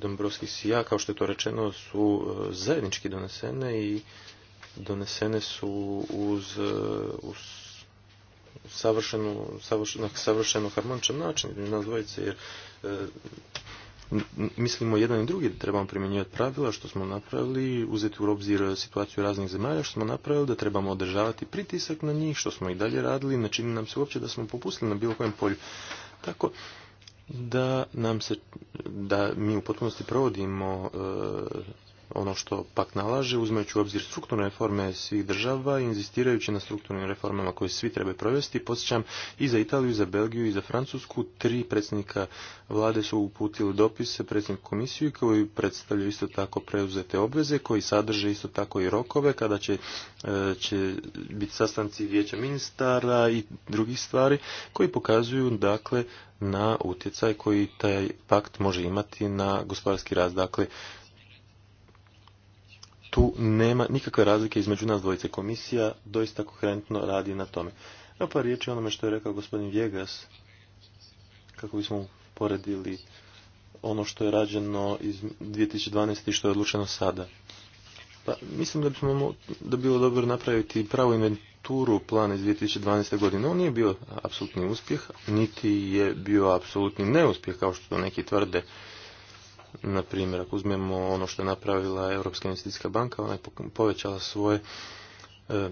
Dombrovskih sija, kao što je to rečeno, su e, zajednički donesene i donesene su uz, e, uz savršeno, harmoničan način između nas dvojice, jer e, mislimo jedan i drugi da trebamo primjenjivati pravila što smo napravili, uzeti u obzir situaciju raznih zemalja što smo napravili, da trebamo održavati pritisak na njih, što smo i dalje radili, ne čini nam se uopće da smo popustili na bilo kojem polju. Tako, da nam se da mi u potpunosti provodimo e, ono što pak nalaže, uzmajući u obzir strukturne reforme svih država, inzistirajući na strukturnim reformama koje svi trebaju provesti, podsjećam i za Italiju, i za Belgiju, i za Francusku, tri predsjednika vlade su uputili dopise predsjedniku komisiju koji predstavljaju isto tako preuzete obveze, koji sadrže isto tako i rokove kada će, e, će biti sastanci vijeća ministara i drugih stvari koji pokazuju dakle na utjecaj koji taj pakt može imati na gospodarski rast. Dakle, tu nema nikakve razlike između nas dvojice. Komisija doista koherentno radi na tome. Evo pa riječ je onome što je rekao gospodin Vjegas, kako bismo poredili ono što je rađeno iz 2012. i što je odlučeno sada. Pa, mislim da, bismo, da bilo dobro napraviti pravu inventuru plana iz 2012. godine. On nije bio apsolutni uspjeh, niti je bio apsolutni neuspjeh, kao što neki tvrde. Na primjer, ako uzmemo ono što je napravila Europska investicijska banka, ona je povećala svoje e,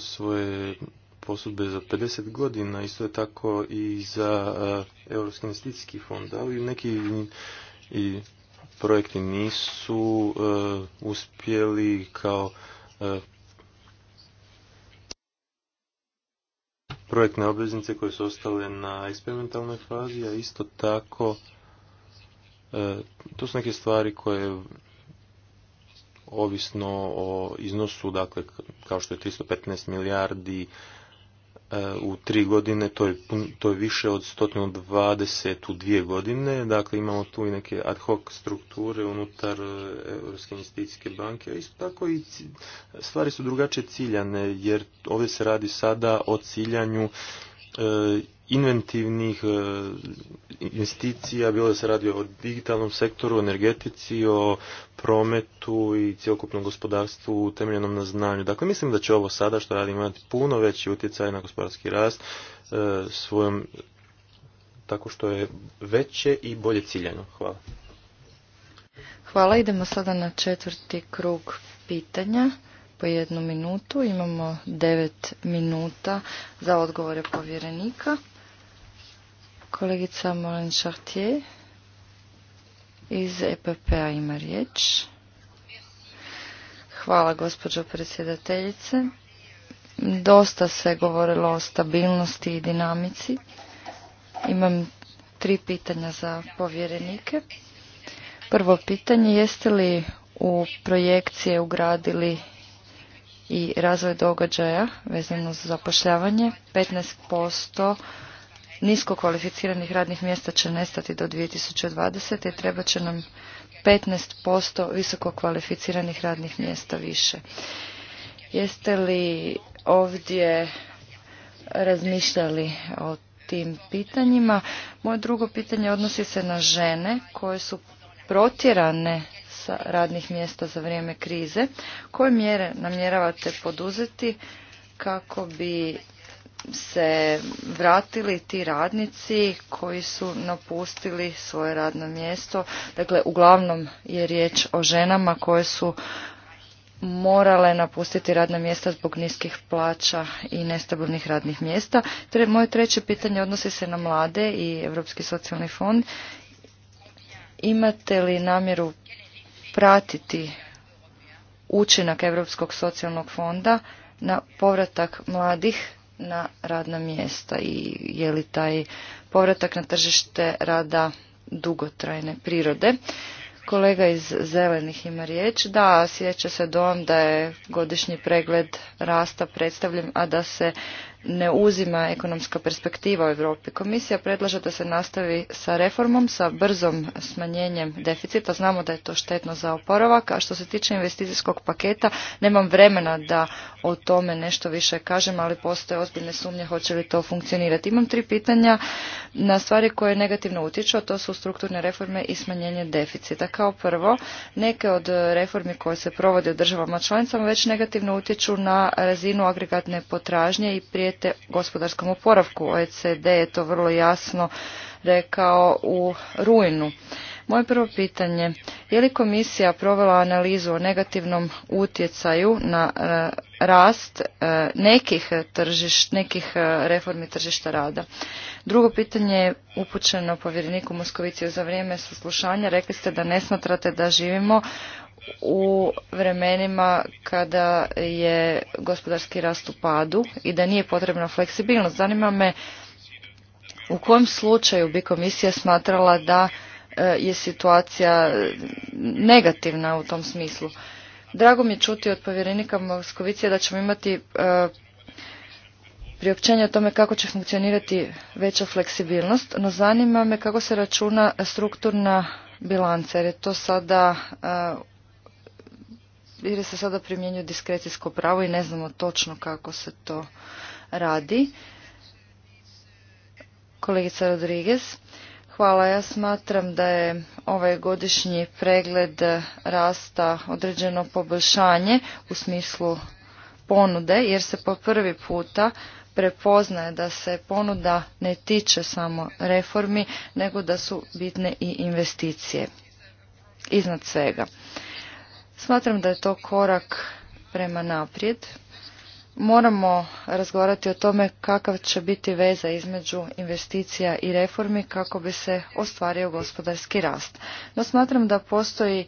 svoje posudbe za 50 godina, isto je tako i za e, Europski investicijski fond, ali neki i projekti nisu e, uspjeli kao projektne obveznice koje su ostale na eksperimentalnoj fazi, a isto tako E, to su neke stvari koje ovisno o iznosu, dakle kao što je 315 milijardi e, u tri godine, to je, to je više od 120 u dvije godine, dakle imamo tu i neke ad hoc strukture unutar e, Europske investicijske banke, a isto tako i stvari su drugačije ciljane, jer ovdje se radi sada o ciljanju E, inventivnih e, investicija, bilo da se radi o digitalnom sektoru, energetici, o prometu i cjelokupnom gospodarstvu utemeljenom na znanju. Dakle, mislim da će ovo sada što radimo imati puno veći utjecaj na gospodarski rast e, svojom tako što je veće i bolje ciljano. Hvala. Hvala, idemo sada na četvrti krug pitanja po jednu minutu. Imamo devet minuta za odgovore povjerenika. Kolegica Molen Chartier iz EPP-a ima riječ. Hvala gospođo predsjedateljice. Dosta se govorilo o stabilnosti i dinamici. Imam tri pitanja za povjerenike. Prvo pitanje, jeste li u projekcije ugradili i razvoj događaja vezano za zapošljavanje. 15% nisko kvalificiranih radnih mjesta će nestati do 2020. i treba će nam 15% visoko kvalificiranih radnih mjesta više. Jeste li ovdje razmišljali o tim pitanjima? Moje drugo pitanje odnosi se na žene koje su protjerane radnih mjesta za vrijeme krize. Koje mjere namjeravate poduzeti kako bi se vratili ti radnici koji su napustili svoje radno mjesto. Dakle, uglavnom je riječ o ženama koje su morale napustiti radna mjesta zbog niskih plaća i nestabilnih radnih mjesta. moje treće pitanje odnosi se na mlade i Europski socijalni fond. Imate li namjeru pratiti učinak Europskog socijalnog fonda na povratak mladih na radna mjesta i je li taj povratak na tržište rada dugotrajne prirode. Kolega iz Zelenih ima riječ. Da, sjeća se dom da je godišnji pregled rasta predstavljen, a da se ne uzima ekonomska perspektiva u Europi. Komisija predlaže da se nastavi sa reformom, sa brzom smanjenjem deficita. Znamo da je to štetno za oporavak, a što se tiče investicijskog paketa, nemam vremena da o tome nešto više kažem, ali postoje ozbiljne sumnje hoće li to funkcionirati. Imam tri pitanja na stvari koje negativno utječu, a to su strukturne reforme i smanjenje deficita. Kao prvo, neke od reformi koje se provode u državama članicama već negativno utječu na razinu agregatne potražnje i prije te gospodarskom oporavku. OECD je to vrlo jasno rekao u rujnu. Moje prvo pitanje, je li komisija provela analizu o negativnom utjecaju na e, rast e, nekih, tržiš, nekih e, reformi tržišta rada? Drugo pitanje je upućeno povjereniku Moskoviciju za vrijeme saslušanja. Rekli ste da ne smatrate da živimo u vremenima kada je gospodarski rast u padu i da nije potrebna fleksibilnost. Zanima me u kojem slučaju bi komisija smatrala da e, je situacija negativna u tom smislu. Drago mi je čuti od povjerenika Moskovicija da ćemo imati e, priopćenje o tome kako će funkcionirati veća fleksibilnost, no zanima me kako se računa strukturna bilanca, jer je to sada e, jer se sada primjenjuje diskrecijsko pravo i ne znamo točno kako se to radi. Kolegica Rodriguez, hvala. Ja smatram da je ovaj godišnji pregled rasta određeno poboljšanje u smislu ponude, jer se po prvi puta prepoznaje da se ponuda ne tiče samo reformi, nego da su bitne i investicije. Iznad svega. Smatram da je to korak prema naprijed. Moramo razgovarati o tome kakav će biti veza između investicija i reformi kako bi se ostvario gospodarski rast. No smatram da postoji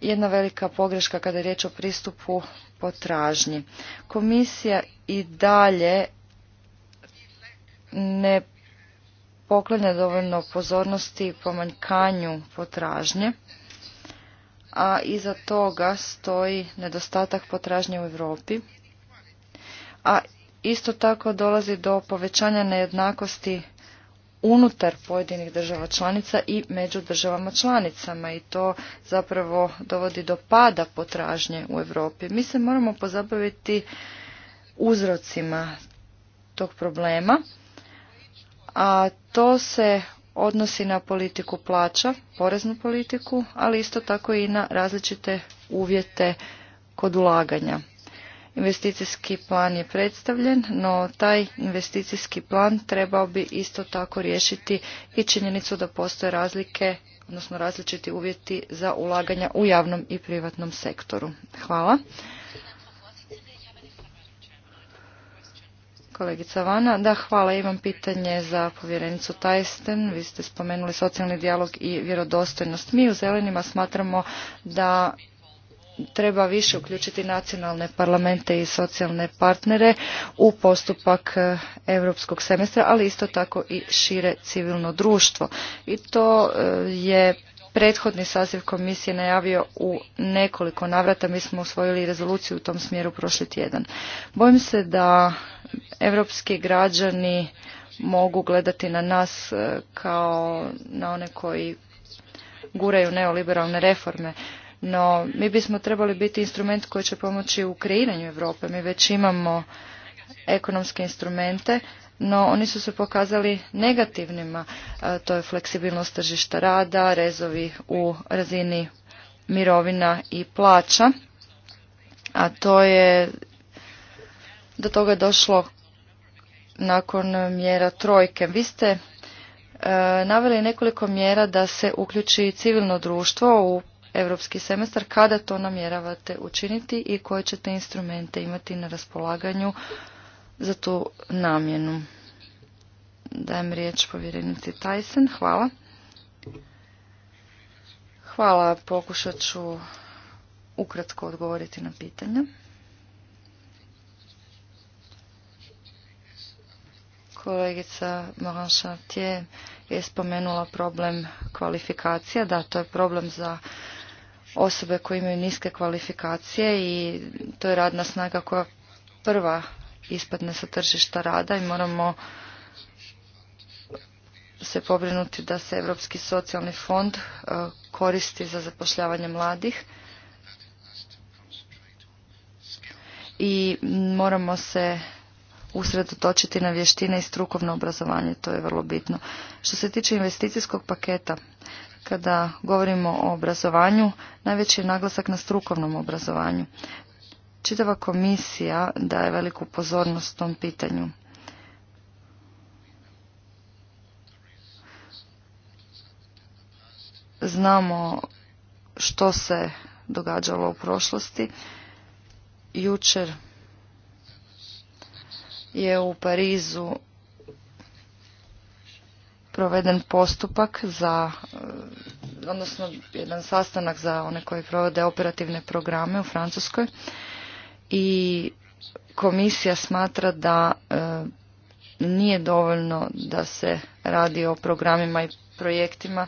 jedna velika pogreška kada je riječ o pristupu potražnji. Komisija i dalje ne poklanja dovoljno pozornosti pomanjkanju potražnje a iza toga stoji nedostatak potražnje u Europi, a isto tako dolazi do povećanja nejednakosti unutar pojedinih država članica i među državama članicama i to zapravo dovodi do pada potražnje u Europi. Mi se moramo pozabaviti uzrocima tog problema, a to se odnosi na politiku plaća, poreznu politiku, ali isto tako i na različite uvjete kod ulaganja. Investicijski plan je predstavljen, no taj investicijski plan trebao bi isto tako riješiti i činjenicu da postoje razlike, odnosno različiti uvjeti za ulaganja u javnom i privatnom sektoru. Hvala. Kolegica Vana, da hvala, imam pitanje za povjerenicu Tajsten. Vi ste spomenuli socijalni dijalog i vjerodostojnost. Mi u Zelenima smatramo da treba više uključiti nacionalne parlamente i socijalne partnere u postupak e, europskog semestra, ali isto tako i šire civilno društvo. I to e, je prethodni saziv komisije najavio u nekoliko navrata. Mi smo usvojili rezoluciju u tom smjeru prošli tjedan. Bojim se da evropski građani mogu gledati na nas e, kao na one koji guraju neoliberalne reforme. No, mi bismo trebali biti instrument koji će pomoći u kreiranju Europe. Mi već imamo ekonomske instrumente no oni su se pokazali negativnima. E, to je fleksibilnost tržišta rada, rezovi u razini mirovina i plaća, a to je do toga je došlo nakon mjera trojke. Vi ste e, naveli nekoliko mjera da se uključi civilno društvo u europski semestar. Kada to namjeravate učiniti i koje ćete instrumente imati na raspolaganju za tu namjenu. Dajem riječ povjerenici Tyson. Hvala. Hvala, pokušat ću ukratko odgovoriti na pitanja. Kolegica Moran je spomenula problem kvalifikacija. Da, to je problem za osobe koje imaju niske kvalifikacije i to je radna snaga koja prva ispadne sa tržišta rada i moramo se pobrinuti da se Europski socijalni fond e, koristi za zapošljavanje mladih. I moramo se usredotočiti na vještine i strukovno obrazovanje, to je vrlo bitno. Što se tiče investicijskog paketa, kada govorimo o obrazovanju, najveći je naglasak na strukovnom obrazovanju čitava komisija daje veliku pozornost tom pitanju. Znamo što se događalo u prošlosti. Jučer je u Parizu proveden postupak za odnosno jedan sastanak za one koji provode operativne programe u Francuskoj i komisija smatra da e, nije dovoljno da se radi o programima i projektima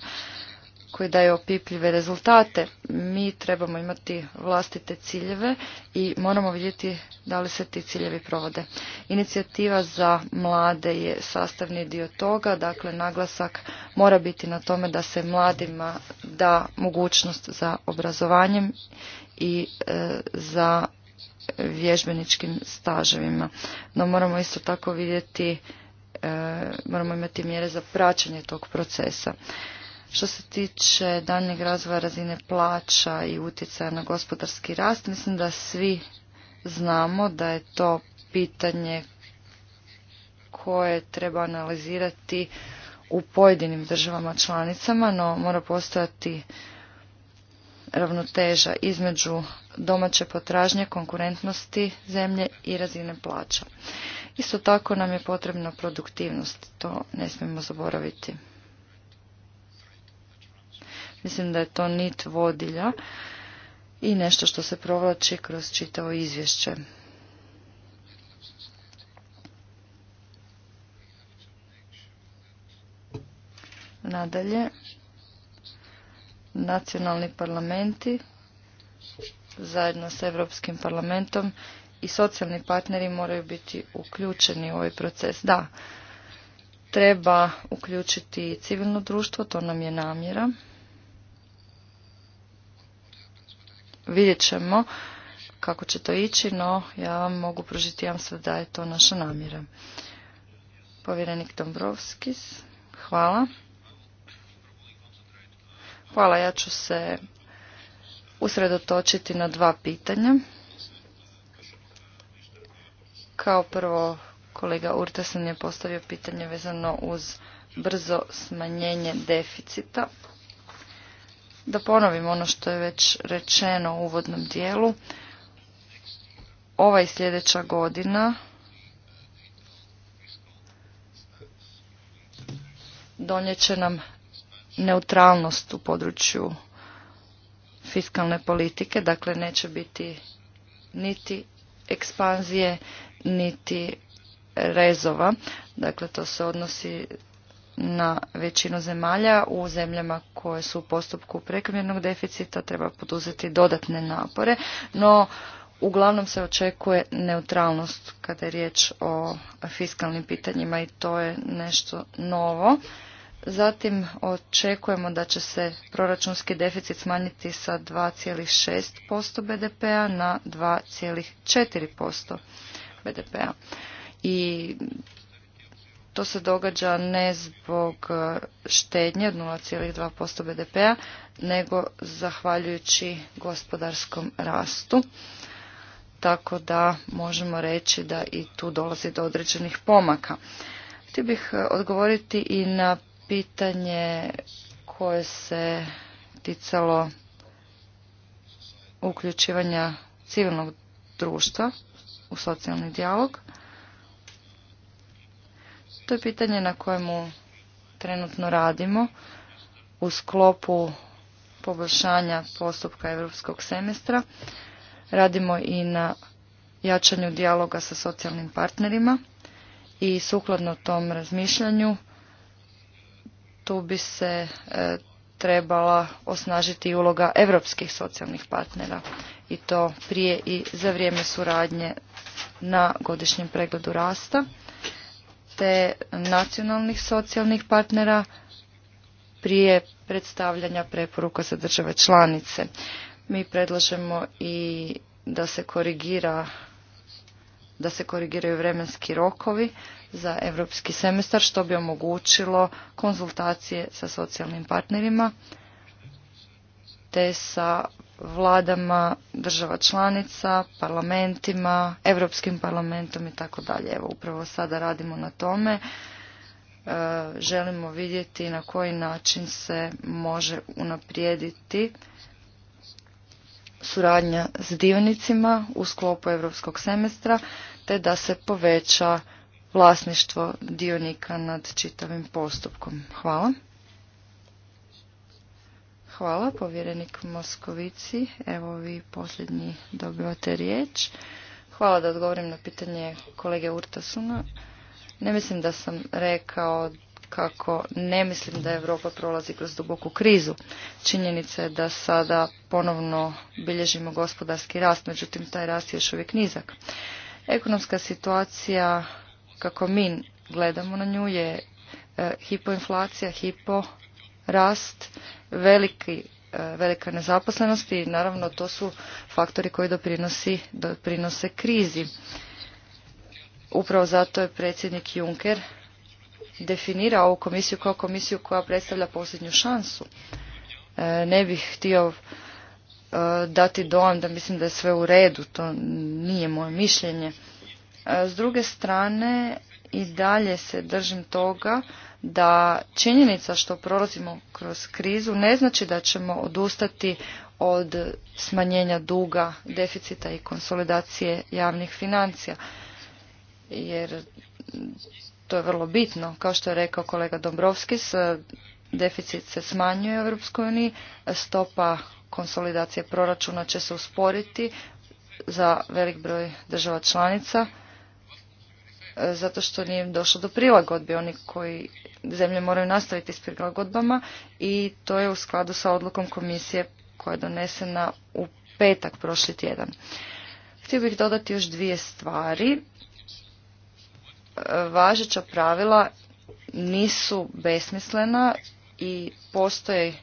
koji daju opipljive rezultate. Mi trebamo imati vlastite ciljeve i moramo vidjeti da li se ti ciljevi provode. Inicijativa za mlade je sastavni dio toga, dakle naglasak mora biti na tome da se mladima da mogućnost za obrazovanjem i e, za vježbeničkim staževima. No moramo isto tako vidjeti, e, moramo imati mjere za praćenje tog procesa. Što se tiče daljnjeg razvoja razine plaća i utjecaja na gospodarski rast, mislim da svi znamo da je to pitanje koje treba analizirati u pojedinim državama članicama, no mora postojati ravnoteža između domaće potražnje, konkurentnosti zemlje i razine plaća. Isto tako nam je potrebna produktivnost, to ne smijemo zaboraviti. Mislim da je to nit vodilja i nešto što se provlači kroz čitavo izvješće. Nadalje, nacionalni parlamenti zajedno s Europskim parlamentom i socijalni partneri moraju biti uključeni u ovaj proces. Da, treba uključiti civilno društvo, to nam je namjera. Vidjet ćemo kako će to ići, no ja vam mogu pružiti jamstvo da je to naša namjera. Povjerenik Dombrovskis, hvala. Hvala, ja ću se usredotočiti na dva pitanja. Kao prvo, kolega Urtesan je postavio pitanje vezano uz brzo smanjenje deficita. Da ponovim ono što je već rečeno u uvodnom dijelu. Ova i sljedeća godina donjeće nam neutralnost u području fiskalne politike, dakle neće biti niti ekspanzije, niti rezova. Dakle, to se odnosi na većinu zemalja. U zemljama koje su u postupku prekomjernog deficita treba poduzeti dodatne napore, no uglavnom se očekuje neutralnost kada je riječ o fiskalnim pitanjima i to je nešto novo Zatim očekujemo da će se proračunski deficit smanjiti sa 2,6% BDP-a na 2,4% BDP-a. I to se događa ne zbog štednje od 0,2% BDP-a, nego zahvaljujući gospodarskom rastu. Tako da možemo reći da i tu dolazi do određenih pomaka. Htio bih odgovoriti i na pitanje koje se ticalo uključivanja civilnog društva u socijalni dijalog. To je pitanje na kojemu trenutno radimo u sklopu poboljšanja postupka europskog semestra. Radimo i na jačanju dijaloga sa socijalnim partnerima i sukladno tom razmišljanju tu bi se e, trebala osnažiti uloga europskih socijalnih partnera i to prije i za vrijeme suradnje na godišnjem pregledu rasta te nacionalnih socijalnih partnera prije predstavljanja preporuka za države članice. Mi predlažemo i da se korigira da se korigiraju vremenski rokovi za europski semestar što bi omogućilo konzultacije sa socijalnim partnerima te sa vladama država članica, parlamentima, Europskim parlamentom i tako dalje. Evo upravo sada radimo na tome. E, želimo vidjeti na koji način se može unaprijediti suradnja s dionicima u sklopu europskog semestra te da se poveća vlasništvo dionika nad čitavim postupkom. Hvala. Hvala, povjerenik Moskovici. Evo vi posljednji dobivate riječ. Hvala da odgovorim na pitanje kolege Urtasuna. Ne mislim da sam rekao kako ne mislim da Europa prolazi kroz duboku krizu. Činjenica je da sada ponovno bilježimo gospodarski rast, međutim taj rast je još uvijek nizak. Ekonomska situacija, kako mi gledamo na nju, je e, hipoinflacija, hipo rast, veliki, e, velika nezaposlenost i naravno to su faktori koji doprinose krizi. Upravo zato je predsjednik Juncker definira ovu komisiju kao komisiju koja predstavlja posljednju šansu. E, ne bih htio e, dati dojam da mislim da je sve u redu, to nije moje mišljenje. E, s druge strane, i dalje se držim toga da činjenica što prolazimo kroz krizu ne znači da ćemo odustati od smanjenja duga, deficita i konsolidacije javnih financija. Jer to je vrlo bitno. Kao što je rekao kolega Dombrovskis, e, deficit se smanjuje u Europskoj uniji, stopa konsolidacije proračuna će se usporiti za velik broj država članica e, zato što nije došlo do prilagodbi. Oni koji zemlje moraju nastaviti s prilagodbama i to je u skladu sa odlukom komisije koja je donesena u petak prošli tjedan. Htio bih dodati još dvije stvari važeća pravila nisu besmislena i postoji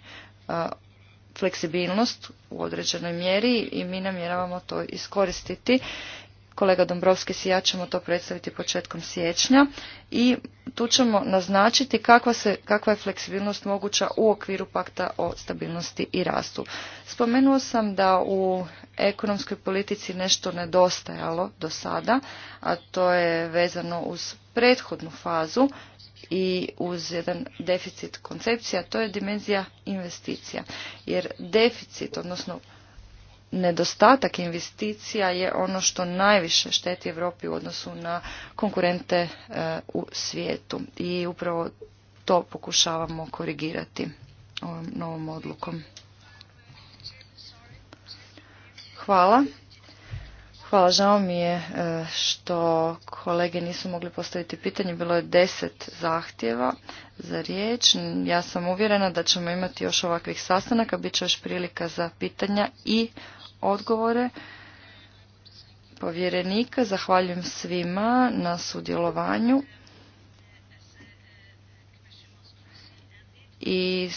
fleksibilnost u određenoj mjeri i mi namjeravamo to iskoristiti kolega Dombrovski i ja ćemo to predstaviti početkom siječnja i tu ćemo naznačiti kakva, se, kakva je fleksibilnost moguća u okviru pakta o stabilnosti i rastu. Spomenuo sam da u ekonomskoj politici nešto nedostajalo do sada, a to je vezano uz prethodnu fazu i uz jedan deficit koncepcija, to je dimenzija investicija. Jer deficit, odnosno nedostatak investicija je ono što najviše šteti Europi u odnosu na konkurente e, u svijetu i upravo to pokušavamo korigirati ovom novom odlukom. Hvala. Hvala, žao mi je e, što kolege nisu mogli postaviti pitanje. Bilo je deset zahtjeva za riječ. Ja sam uvjerena da ćemo imati još ovakvih sastanaka, bit će još prilika za pitanja i odgovore povjerenika. Zahvaljujem svima na sudjelovanju i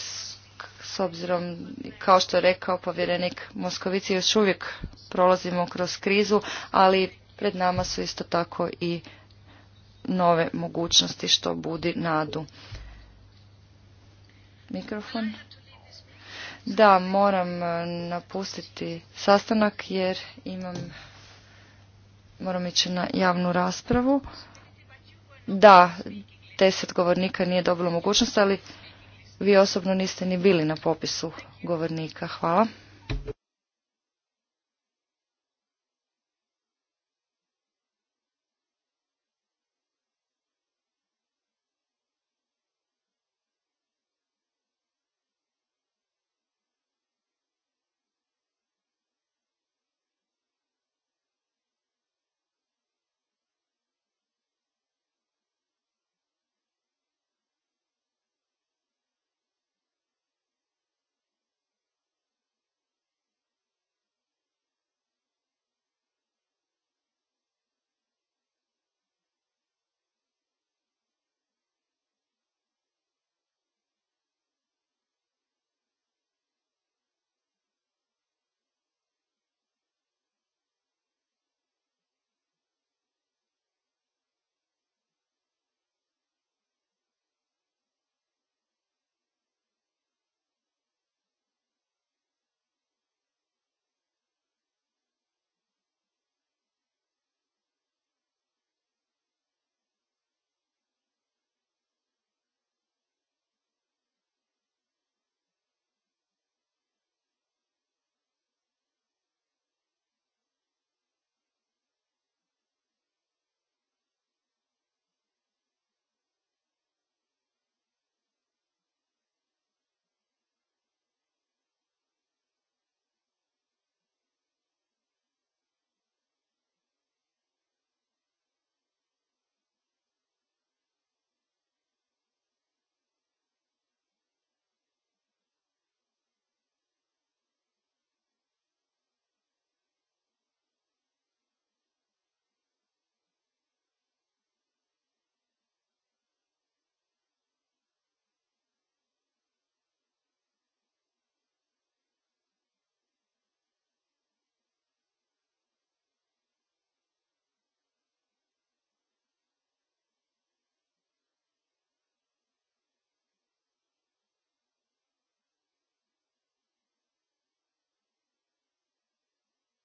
s obzirom, kao što je rekao povjerenik Moskovici, još uvijek prolazimo kroz krizu, ali pred nama su isto tako i nove mogućnosti što budi nadu. Mikrofon. Da, moram e, napustiti sastanak jer imam moram ići na javnu raspravu. Da, deset govornika nije dobilo mogućnost, ali vi osobno niste ni bili na popisu govornika. Hvala.